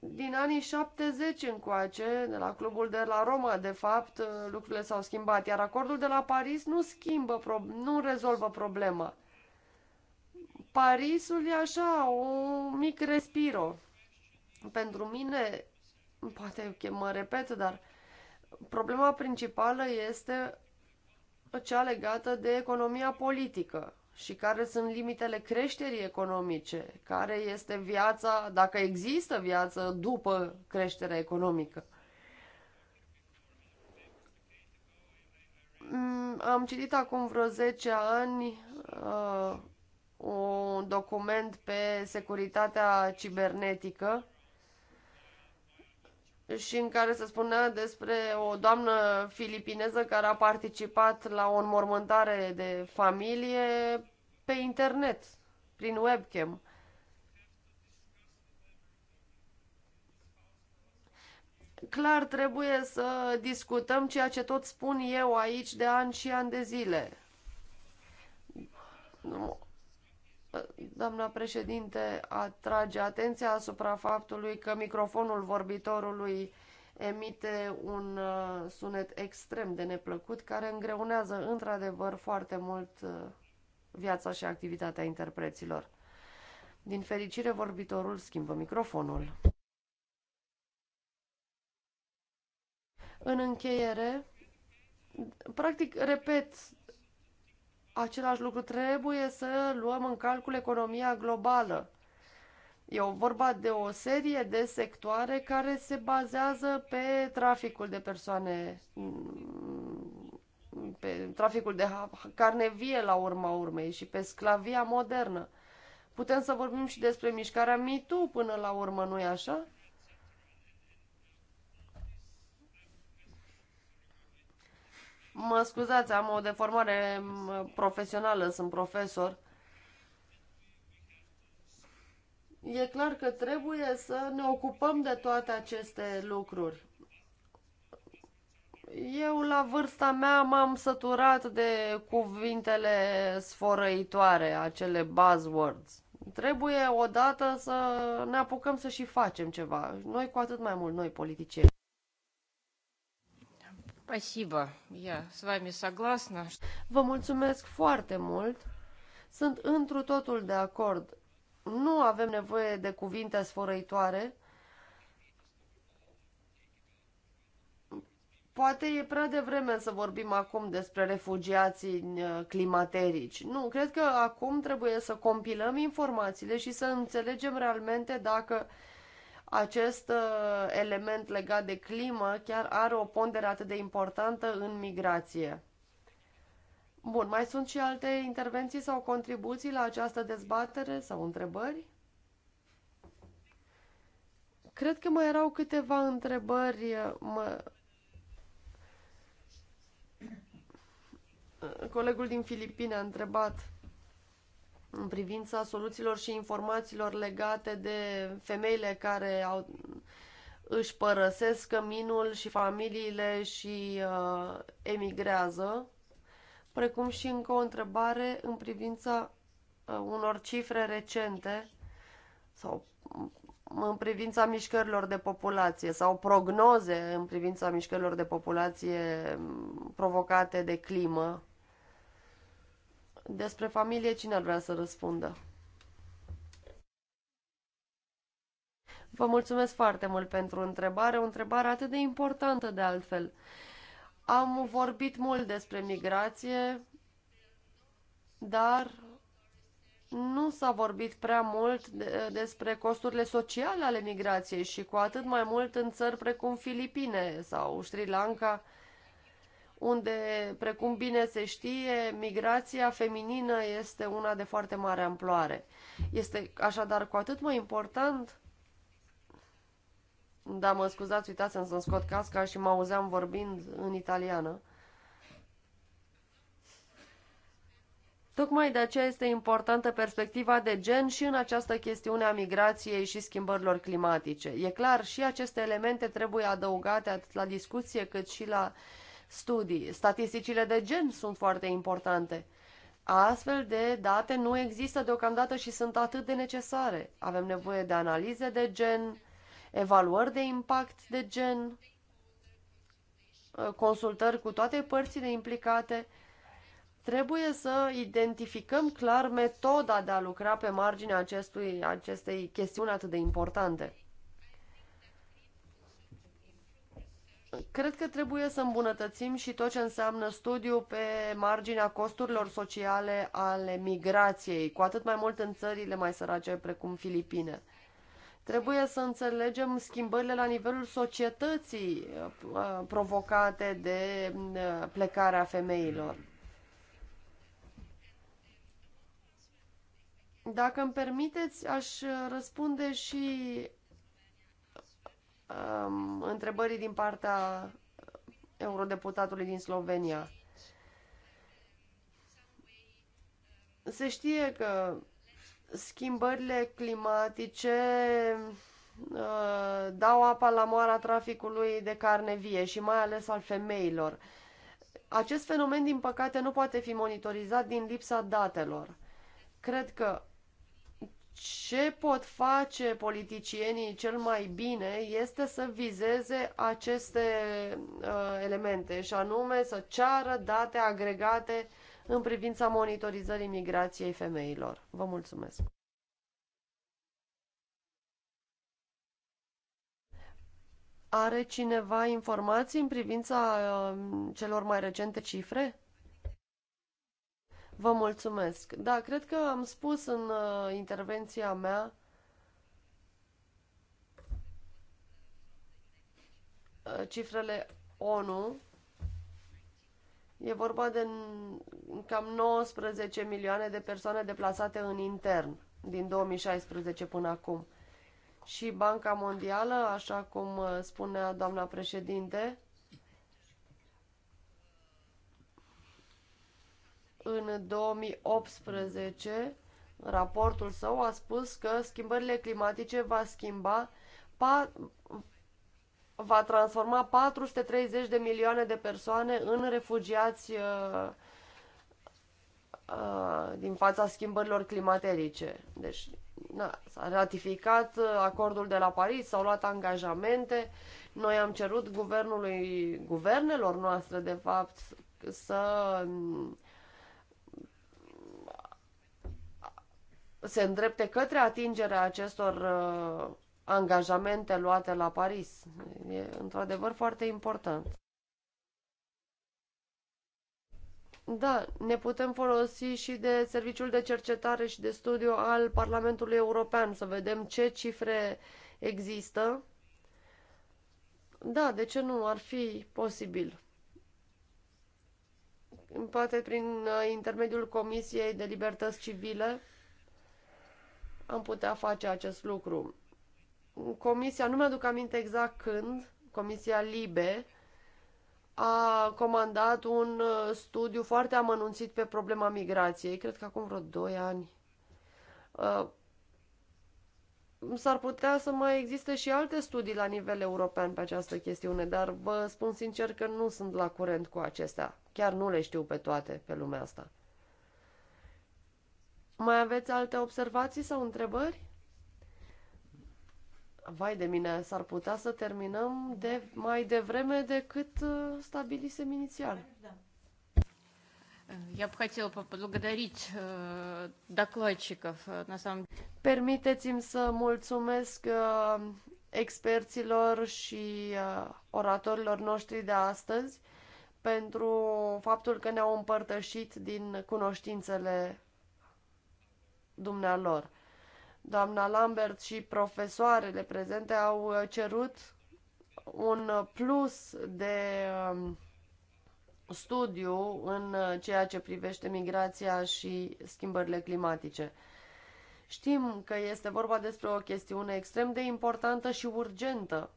din anii 70 încoace, de la clubul de la Roma, de fapt, uh, lucrurile s-au schimbat, iar acordul de la Paris nu schimbă, nu rezolvă problema. Parisul e așa, un mic respiro. Pentru mine, poate că mă repet, dar problema principală este cea legată de economia politică și care sunt limitele creșterii economice, care este viața, dacă există viață după creșterea economică. Mm, am citit acum vreo 10 ani uh, un document pe securitatea cibernetică și în care se spunea despre o doamnă filipineză care a participat la o înmormântare de familie pe internet, prin webcam. Clar trebuie să discutăm ceea ce tot spun eu aici de ani și ani de zile. Nu doamna președinte atrage atenția asupra faptului că microfonul vorbitorului emite un uh, sunet extrem de neplăcut care îngreunează într-adevăr foarte mult uh, viața și activitatea interpreților. Din fericire, vorbitorul schimbă microfonul. În încheiere, practic, repet același lucru. Trebuie să luăm în calcul economia globală. E o vorba de o serie de sectoare care se bazează pe traficul de persoane, mm, pe traficul de carne vie la urma urmei și pe sclavia modernă. Putem să vorbim și despre mișcarea MeToo până la urmă, nu-i așa? Mă scuzați, am o deformare profesională, sunt profesor. E clar că trebuie să ne ocupăm de toate aceste lucruri. Eu, la vârsta mea, m-am săturat de cuvintele sfărăitoare, acele buzzwords. Trebuie odată să ne apucăm să și facem ceva. Noi cu atât mai mult, noi politicieni. Спасибо. Я с вами согласна. Vă mulțumesc foarte mult. Sunt întru totul de acord. Nu avem nevoie de cuvinte sfărăitoare. Poate e prea devreme să vorbim acum despre refugiații uh, climaterici. Nu, cred că acum trebuie să compilăm informațiile și să înțelegem realmente dacă uh, acest uh, element legat de climă chiar are o pondere atât de importantă în migrație. Bun, mai sunt și alte intervenții sau contribuții la această dezbatere sau întrebări? Cred că mai erau câteva întrebări. Uh, mă... Uh, colegul din Filipine a întrebat în privința soluțiilor și informațiilor legate de femeile care au, își părăsesc căminul și familiile și uh, emigrează, precum și încă o întrebare în privința uh, unor cifre recente sau mm, în privința mișcărilor de populație sau prognoze în privința mișcărilor de populație mm, provocate de climă despre familie, cine ar vrea să răspundă? Vă mulțumesc foarte mult pentru întrebare, o întrebare atât de importantă de altfel. Am vorbit mult despre migrație, dar nu s-a vorbit prea mult de, despre costurile sociale ale migrației și cu atât mai mult în țări precum Filipine sau Sri Lanka, unde, precum bine se știe, migrația feminină este una de foarte mare amploare. Este așadar cu atât mai important da, mă scuzați, uitați să-mi scot casca și mă auzeam vorbind în italiană. Tocmai de aceea este importantă perspectiva de gen și în această chestiune a migrației și schimbărilor climatice. E clar, și aceste elemente trebuie adăugate atât la discuție cât și la uh, studii. Statisticile de gen sunt foarte importante. Astfel de date nu există deocamdată și sunt atât de necesare. Avem nevoie de analize de gen, evaluări de impact de gen, consultări cu toate părțile implicate. Trebuie să identificăm clar metoda de a lucra pe marginea acestui, acestei chestiuni atât de importante. Cred că trebuie să îmbunătățim și tot ce înseamnă studiu pe marginea costurilor sociale ale migrației, cu atât mai mult în țările mai sărace precum Filipine. Trebuie să înțelegem schimbările la nivelul societății uh, provocate de uh, plecarea femeilor. Dacă îmi permiteți, aș răspunde și um, întrebării din partea eurodeputatului din Slovenia. Se știe că schimbările climatice uh, dau apa la moara traficului de carne vie și mai ales al femeilor. Acest fenomen, din păcate, nu poate fi monitorizat din lipsa datelor. Cred că ce pot face politicienii cel mai bine este să vizeze aceste uh, elemente și anume să ceară date agregate în privința monitorizării migrației femeilor. Vă mulțumesc! Are cineva informații în privința uh, celor mai recente cifre? Vă mulțumesc. Da, cred că am spus în uh, intervenția mea uh, cifrele ONU. E vorba de cam 19 milioane de persoane deplasate în intern din 2016 până acum. Și Banca Mondială, așa cum uh, spunea doamna președinte, în 2018, în raportul său, a spus că schimbările climatice va schimba va transforma 430 de milioane de persoane în refugiați uh, uh, din fața schimbărilor climaterice. Deci na, s-a ratificat uh, acordul de la Paris, s-au luat angajamente. Noi am cerut guvernului, guvernelor noastre, de fapt, să se îndrepte către atingerea acestor uh, angajamente luate la Paris. E într-adevăr foarte important. Da, ne putem folosi și de Serviciul de Cercetare și de Studiu al Parlamentului European să vedem ce cifre există. Da, de ce nu? Ar fi posibil. Poate prin uh, intermediul Comisiei de Libertăți Civile am putea face acest lucru. Comisia, nu mi-aduc aminte exact când, Comisia Libe a comandat un uh, studiu foarte amănunțit pe problema migrației, cred că acum vreo 2 ani. Uh, s-ar putea să mai existe și alte studii la nivel european pe această chestiune, dar vă spun sincer că nu sunt la curent cu acestea. Chiar nu le știu pe toate pe lumea asta. Mai aveți alte observații sau întrebări? Vai de mine, s-ar putea să terminăm de mai devreme decât uh, stabilisem inițial. Da. Я бы хотела поблагодарить э, докладчиков. Э, на самом Permiteți-mi să mulțumesc э, experților și oratorilor noștri de astăzi pentru faptul că ne-au împărtășit din cunoștințele dumnealor. Doamna Lambert și profesoarele prezente au uh, cerut un uh, plus de um, studiu în uh, ceea ce privește migrația și schimbările climatice. Știm că este vorba despre o chestiune extrem de importantă și urgentă.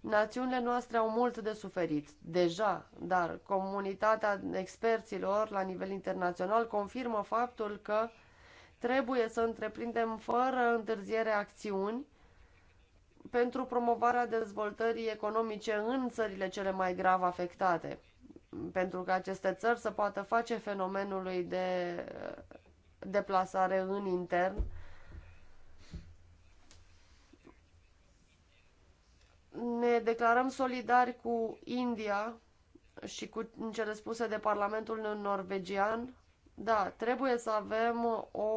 Națiunile noastre au mult de suferit, deja, dar comunitatea experților la nivel internațional confirmă faptul că Trebuie să întreprindem fără întârziere acțiuni pentru promovarea dezvoltării economice în țările cele mai grav afectate, pentru că aceste țări să poată face fenomenului de uh, deplasare în intern ne declarăm solidari cu India și cu cele spuse de Parlamentul norvegian da, trebuie să avem o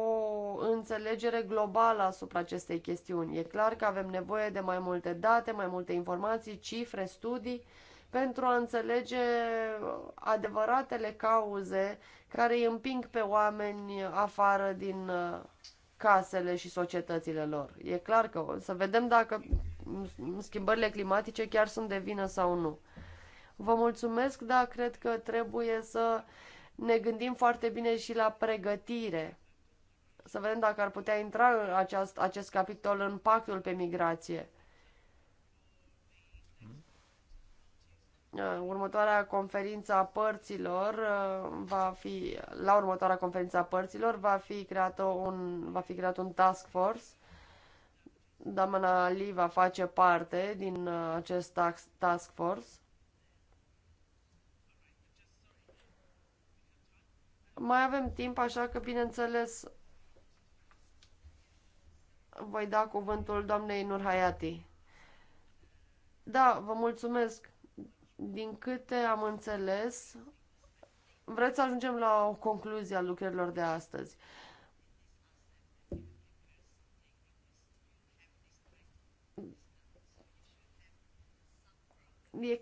înțelegere globală asupra acestei chestiuni. E clar că avem nevoie de mai multe date, mai multe informații, cifre, studii, pentru a înțelege adevăratele cauze care îi împing pe oameni afară din uh, casele și societățile lor. E clar că o să vedem dacă schimbările climatice chiar sunt de vină sau nu. Vă mulțumesc, dar cred că trebuie să ne gândim foarte bine și la pregătire. Să vedem dacă ar putea intra aceast, acest capitol în pactul pe migrație. Uh, următoarea conferință a părților uh, va fi, la următoarea conferință a părților va fi creat un, va fi creat un task force. Doamna Ali va face parte din uh, acest task force Mai avem timp, așa că, bineînțeles, voi da cuvântul doamnei Nurhayati. Da, vă mulțumesc. Din câte am înțeles, vreți să ajungem la o concluzie a lucrărilor de astăzi. E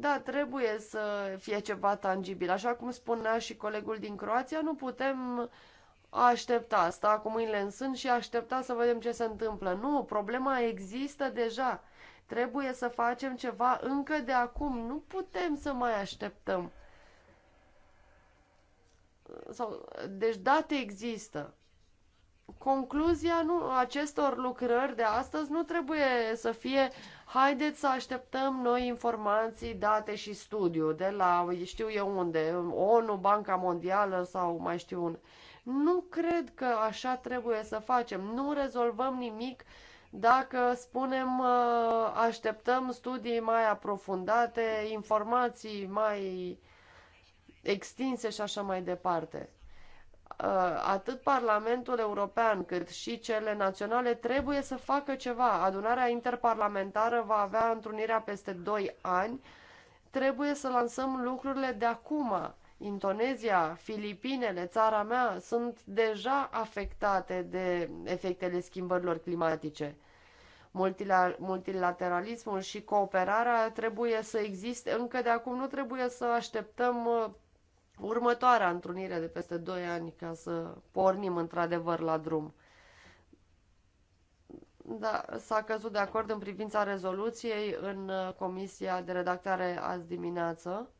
da, trebuie să fie ceva tangibil. Așa cum spunea și colegul din Croația, nu putem aștepta, asta cu mâinile în sân și aștepta să vedem ce se întâmplă. Nu, problema există deja. Trebuie să facem ceva încă de acum. Nu putem să mai așteptăm. Sau, deci date există. Concluzia nu, acestor lucrări de astăzi nu trebuie să fie uh, Haideți să așteptăm noi informații, date și studiu de la știu eu unde, ONU, Banca Mondială sau mai știu unde. Nu cred că așa trebuie să facem. Nu rezolvăm nimic dacă spunem uh, așteptăm studii mai aprofundate, informații mai extinse și așa mai departe. Uh, atât Parlamentul European cât și cele naționale trebuie să facă ceva. Adunarea interparlamentară va avea întrunirea peste 2 ani. Trebuie să lansăm lucrurile de acum. Indonezia, Filipinele, țara mea sunt deja afectate de efectele schimbărilor climatice. Multilateralismul și cooperarea trebuie să existe încă de acum, nu trebuie să așteptăm uh, următoarea întrunire de peste 2 ani ca să pornim într-adevăr la drum. Da, s-a căzut de acord în privința rezoluției în uh, comisia de redactare azi dimineață.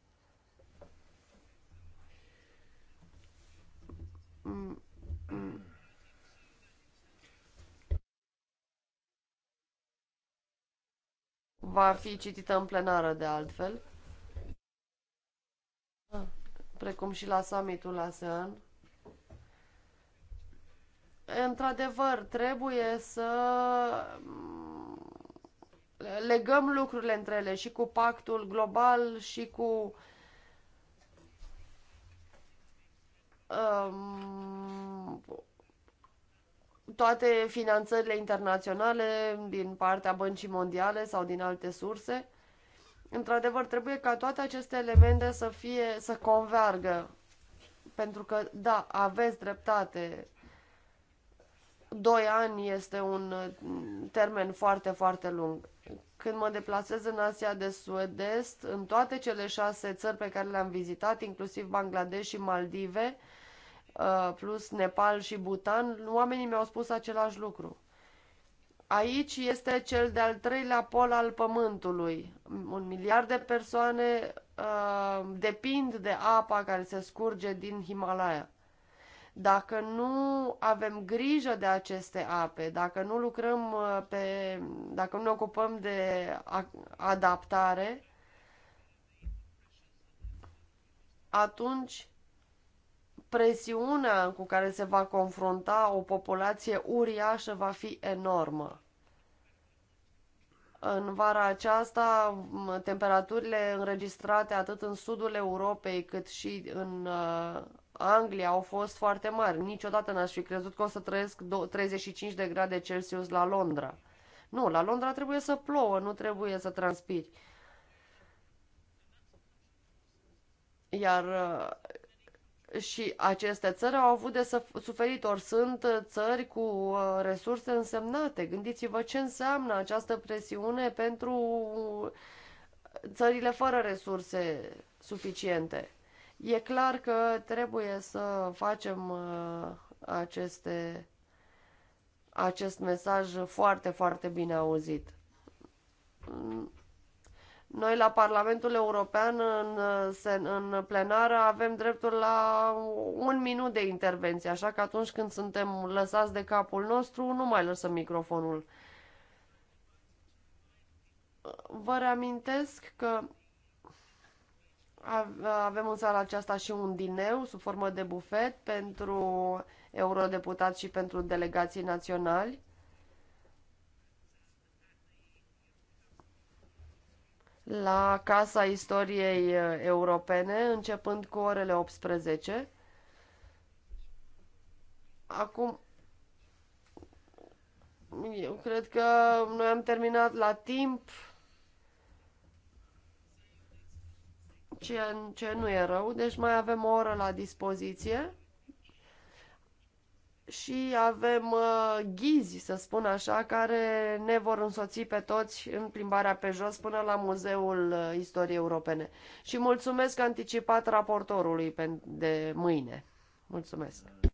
Mm, mm. va fi citită în plenară de altfel precum și la summitul ASEAN. Într-adevăr, trebuie să mm, legăm lucrurile între ele și cu pactul global și cu um, toate finanțările internaționale din partea băncii mondiale sau din alte surse. Într-adevăr, trebuie ca toate aceste elemente să fie, să convergă. Pentru că, da, aveți dreptate. Doi ani este un mm, termen foarte, foarte lung. Când mă deplasez în Asia de Sud-Est, în toate cele șase țări pe care le-am vizitat, inclusiv Bangladesh și Maldive, uh, plus Nepal și Bhutan, oamenii mi-au spus același lucru. Aici este cel de-al treilea pol al Pământului. Un miliard de persoane uh, depind de apa care se scurge din Himalaya. Dacă nu avem grijă de aceste ape, dacă nu lucrăm uh, pe, dacă nu ne ocupăm de adaptare, atunci presiunea cu care se va confrunta o populație uriașă va fi enormă. În vara aceasta, temperaturile înregistrate atât în sudul Europei cât și în uh, Anglia au fost foarte mari. Niciodată n-aș fi crezut că o să trăiesc 35 de grade Celsius la Londra. Nu, la Londra trebuie să plouă, nu trebuie să transpiri. Iar uh, și aceste țări au avut de suferit, ori sunt uh, țări cu uh, resurse însemnate. Gândiți-vă ce înseamnă această presiune pentru uh, țările fără resurse suficiente. E clar că trebuie să facem aceste, acest mesaj foarte, foarte bine auzit. Noi la Parlamentul European, în, în plenară, avem dreptul la un minut de intervenție, așa că atunci când suntem lăsați de capul nostru, nu mai lăsăm microfonul. Vă reamintesc că avem în sala aceasta și un dineu sub formă de bufet pentru eurodeputați și pentru delegații naționali. la Casa Istoriei uh, Europene, începând cu orele 18. Acum, eu cred că noi am terminat la timp, ceea ce nu e rău, deci mai avem o oră la dispoziție și avem uh, ghizi, să spun așa, care ne vor însoți pe toți în plimbarea pe jos până la Muzeul uh, Istoriei Europene. Și mulțumesc anticipat raportorului de mâine. Mulțumesc!